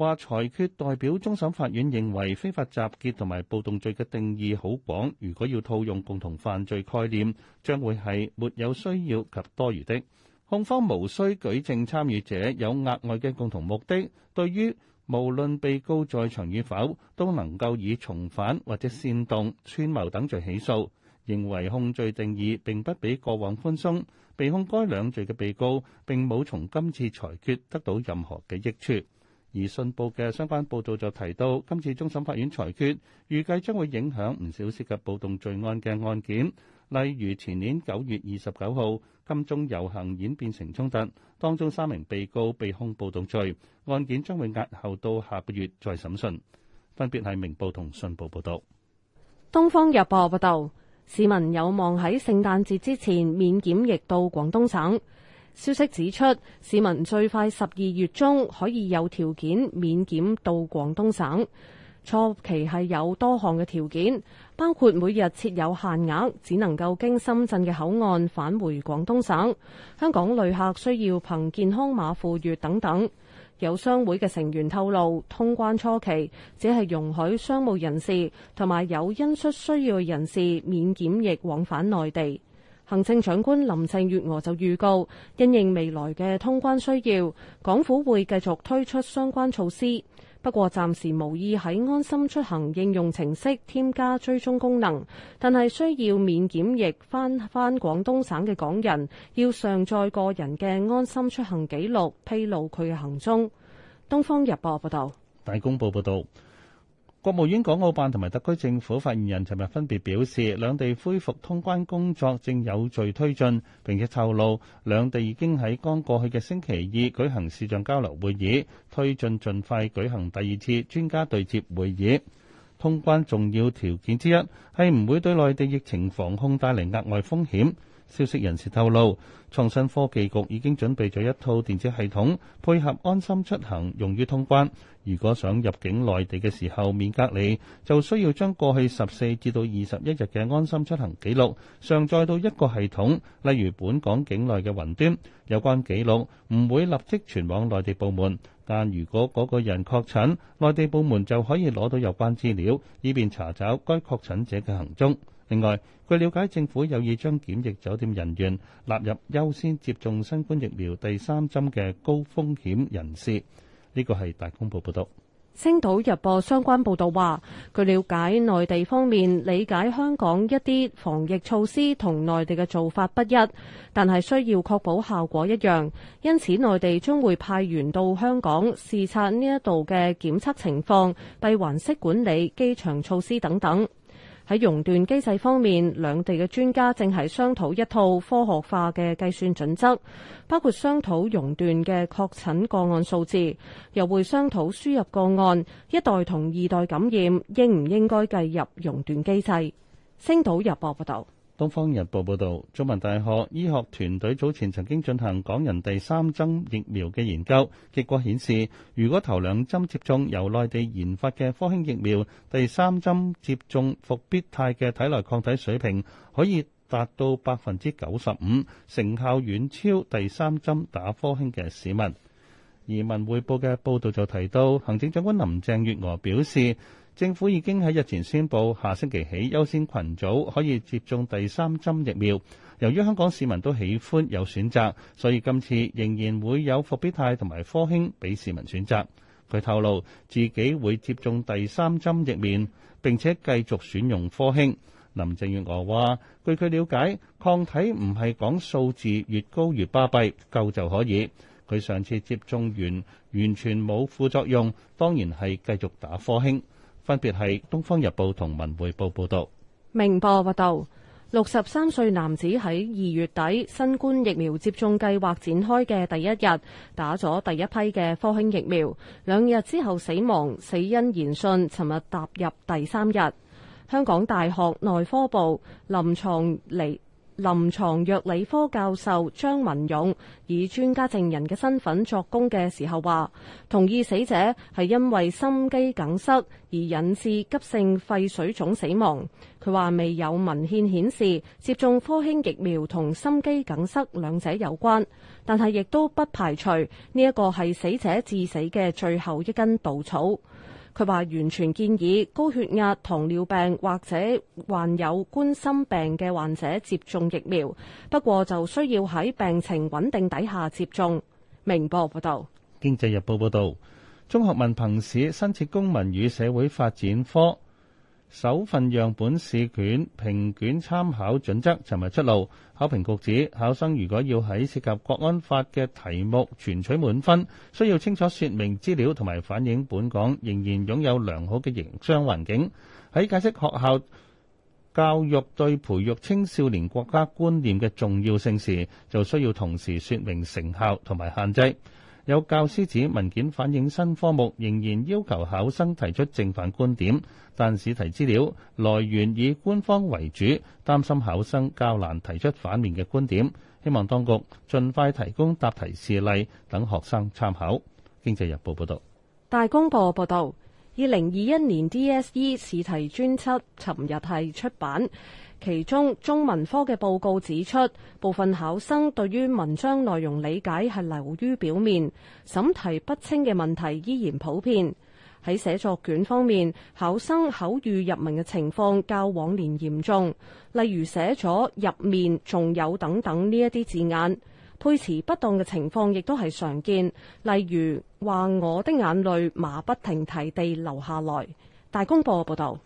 話裁決代表終審法院認為非法集結同埋暴動罪嘅定義好廣，如果要套用共同犯罪概念，將會係沒有需要及多餘的。控方無需舉證參與者有額外嘅共同目的。對於無論被告在場與否，都能夠以從犯或者煽動串謀等罪起訴，認為控罪定義並不比過往寬鬆。被控該兩罪嘅被告並冇從今次裁決得到任何嘅益處。而信報嘅相關報道就提到，今次終審法院裁決，預計將會影響唔少涉及暴動罪案嘅案件，例如前年九月二十九號金鐘遊行演變成衝突，當中三名被告被控暴動罪，案件將會押後到下個月再審訊。分別係明報同信報報道。東方日報報道，市民有望喺聖誕節之前免檢疫到廣東省。消息指出，市民最快十二月中可以有條件免檢到廣東省。初期係有多項嘅條件，包括每日設有限額，只能夠經深圳嘅口岸返回廣東省。香港旅客需要憑健康碼赴粵等等。有商會嘅成員透露，通關初期只係容許商務人士同埋有因需需要嘅人士免檢疫往返內地。行政長官林鄭月娥就預告，因應未來嘅通關需要，港府會繼續推出相關措施。不過暫時無意喺安心出行應用程式添加追蹤功能，但係需要免檢疫返返返廣東省嘅港人要上載個人嘅安心出行記錄，披露佢嘅行蹤。《東方日報》報道。《大公報》報道。國務院港澳辦同埋特區政府發言人尋日分別表示，兩地恢復通關工作正有序推進，並且透露兩地已經喺剛過去嘅星期二舉行視像交流會議，推進盡快舉行第二次專家對接會議。通關重要條件之一係唔會對內地疫情防控帶嚟額外風險。消息人士透露，創新科技局已經準備咗一套電子系統，配合安心出行用於通關，如果想入境內地嘅時候免隔離，就需要將過去十四至到二十一日嘅安心出行記錄上載到一個系統，例如本港境內嘅雲端。有關記錄唔會立即傳往內地部門，但如果嗰個人確診，內地部門就可以攞到有關資料，以便查找該確診者嘅行蹤。另外，據了解，政府有意將檢疫酒店人員納入優先接種新冠疫苗第三針嘅高風險人士。呢個係大公報報道。星島日報相關報導話，據了解，內地方面理解香港一啲防疫措施同內地嘅做法不一，但係需要確保效果一樣，因此內地將會派員到香港視察呢一度嘅檢測情況、閉環式管理、機場措施等等。喺熔斷機制方面，兩地嘅專家正係商討一套科學化嘅計算準則，包括商討熔斷嘅確診個案數字，又會商討輸入個案，一代同二代感染應唔應該計入熔斷機制。星島日報報道。《東方日報》報道，中文大學醫學團隊早前曾經進行港人第三針疫苗嘅研究，結果顯示，如果頭兩針接種由內地研發嘅科興疫苗，第三針接種復必泰嘅體內抗體水平可以達到百分之九十五，成效遠超第三針打科興嘅市民。《移民匯報》嘅報導就提到，行政長官林鄭月娥表示。政府已經喺日前宣布，下星期起優先群組可以接種第三針疫苗。由於香港市民都喜歡有選擇，所以今次仍然會有復必泰同埋科興俾市民選擇。佢透露自己會接種第三針疫苗，並且繼續選用科興。林鄭月娥話：據佢了解，抗體唔係講數字越高越巴閉，夠就可以。佢上次接種完，完全冇副作用，當然係繼續打科興。分別係《東方日報》同《文匯報》報道。明報報道：六十三歲男子喺二月底新冠疫苗接種計劃展開嘅第一日，打咗第一批嘅科興疫苗，兩日之後死亡，死因言訊。尋日踏入第三日，香港大學內科部臨床嚟。臨床藥理科教授張文勇以專家證人嘅身份作供嘅時候話，同意死者係因為心肌梗塞而引致急性肺水腫死亡。佢話未有文獻顯示接種科興疫苗同心肌梗塞兩者有關，但係亦都不排除呢一個係死者致死嘅最後一根稻草。佢話完全建議高血壓、糖尿病或者患有冠心病嘅患者接種疫苗，不過就需要喺病情穩定底下接種。明報報道。《經濟日報》報道，中學文憑試新設公民與社會發展科。首份樣本試卷評卷參考準則尋日出爐，考評局指考生如果要喺涉及國安法嘅題目全取滿分，需要清楚說明資料同埋反映本港仍然擁有良好嘅營商環境。喺解釋學校教育對培育青少年國家觀念嘅重要性時，就需要同時說明成效同埋限制。有教師指文件反映新科目仍然要求考生提出正反觀點，但試題資料來源以官方為主，擔心考生較難提出反面嘅觀點。希望當局盡快提供答題示例等學生參考。經濟日報報道：《大公報》報道，二零二一年 DSE 試題專輯尋日係出版。其中中文科嘅報告指出，部分考生對於文章內容理解係流於表面，審題不清嘅問題依然普遍。喺寫作卷方面，考生口語入文嘅情況較往年嚴重，例如寫咗入面仲有等等呢一啲字眼，配詞不當嘅情況亦都係常見，例如話我的眼淚馬不停蹄地流下來。大公報報道，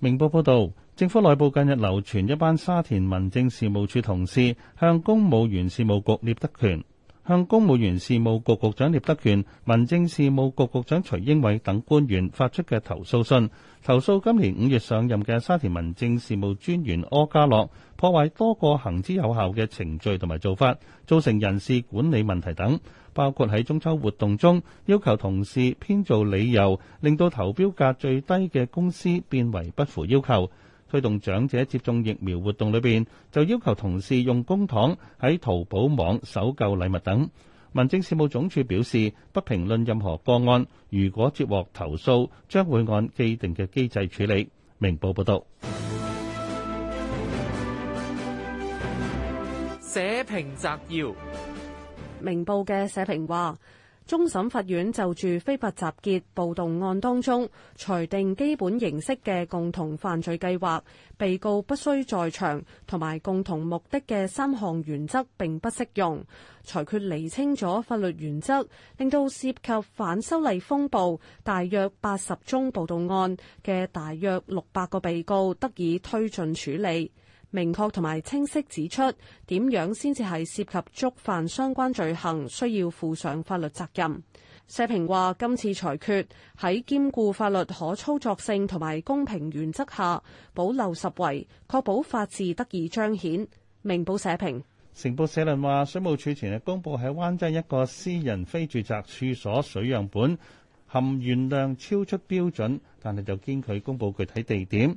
明報報道。政府內部近日流傳一班沙田民政事務處同事向公務員事務局聶德權、向公務員事務局局長聶德權、民政事務局局長徐英偉等官員發出嘅投訴信，投訴今年五月上任嘅沙田民政事務專員柯家樂破壞多個行之有效嘅程序同埋做法，造成人事管理問題等，包括喺中秋活動中要求同事編造理由，令到投標價最低嘅公司變為不符要求。推動長者接種疫苗活動裏邊，就要求同事用公帑喺淘寶網搜購禮物等。民政事務總署表示，不評論任何個案。如果接獲投訴，將會按既定嘅機制處理。明報報導。社評摘要：明報嘅社評話。終審法院就住非法集結暴動案當中裁定基本形式嘅共同犯罪計劃、被告不需在場同埋共同目的嘅三項原則並不適用，裁決釐清咗法律原則，令到涉及反修例風暴大約八十宗暴動案嘅大約六百個被告得以推進處理。明確同埋清晰指出，點樣先至係涉及觸犯相關罪行，需要負上法律責任。社評話今次裁決喺兼顧法律可操作性同埋公平原則下，保留實位，確保法治得以彰顯。明報社評、成報社論話，水務署前日公布喺灣仔一個私人非住宅處所水樣本含鉛量超出標準，但係就堅拒公布具體地點。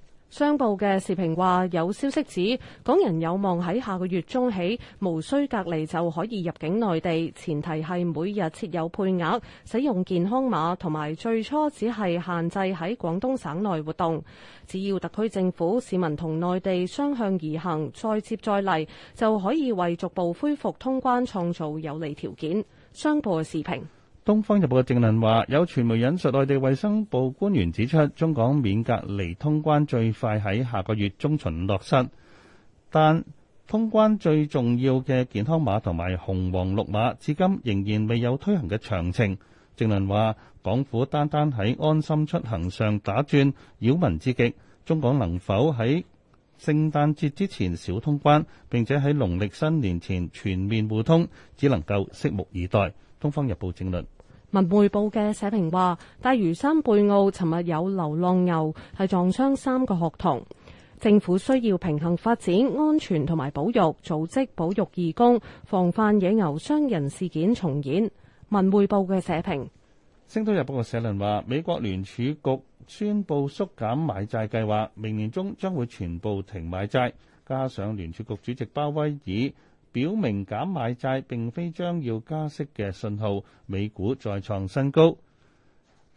商報嘅視頻話，有消息指港人有望喺下個月中起無需隔離就可以入境內地，前提係每日設有配額，使用健康碼，同埋最初只係限制喺廣東省內活動。只要特區政府市民同內地雙向而行，再接再厲，就可以為逐步恢復通關創造有利條件。商報嘅視頻。《東方日報》嘅正論話：有傳媒引述內地衛生部官員指出，中港免隔離通關最快喺下個月中旬落實，但通關最重要嘅健康碼同埋紅黃綠碼至今仍然未有推行嘅詳情。正論話：港府單單喺安心出行上打轉，擾民之極。中港能否喺聖誕節之前小通關，並且喺農曆新年前全面互通，只能夠拭目以待。《東方日報》政論，《文匯報》嘅社評話：大嶼山貝澳尋日有流浪牛係撞傷三個學童，政府需要平衡發展、安全同埋保育，組織保育義工，防範野牛傷人事件重演。《文匯報》嘅社評，《星島日報》嘅社論話：美國聯儲局宣布縮減買債計劃，明年中將會全部停買債，加上聯儲局主席鮑威爾。表明減買債並非將要加息嘅信號，美股再創新高。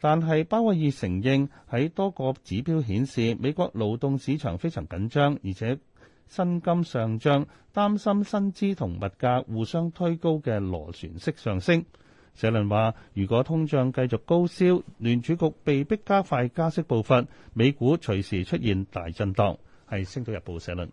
但係鮑威爾承認喺多個指標顯示美國勞動市場非常緊張，而且薪金上漲，擔心薪資同物價互相推高嘅螺旋式上升。社論話，如果通脹繼續高燒，聯儲局被迫加快加息步伐，美股隨時出現大震盪。係《星島日報》社論。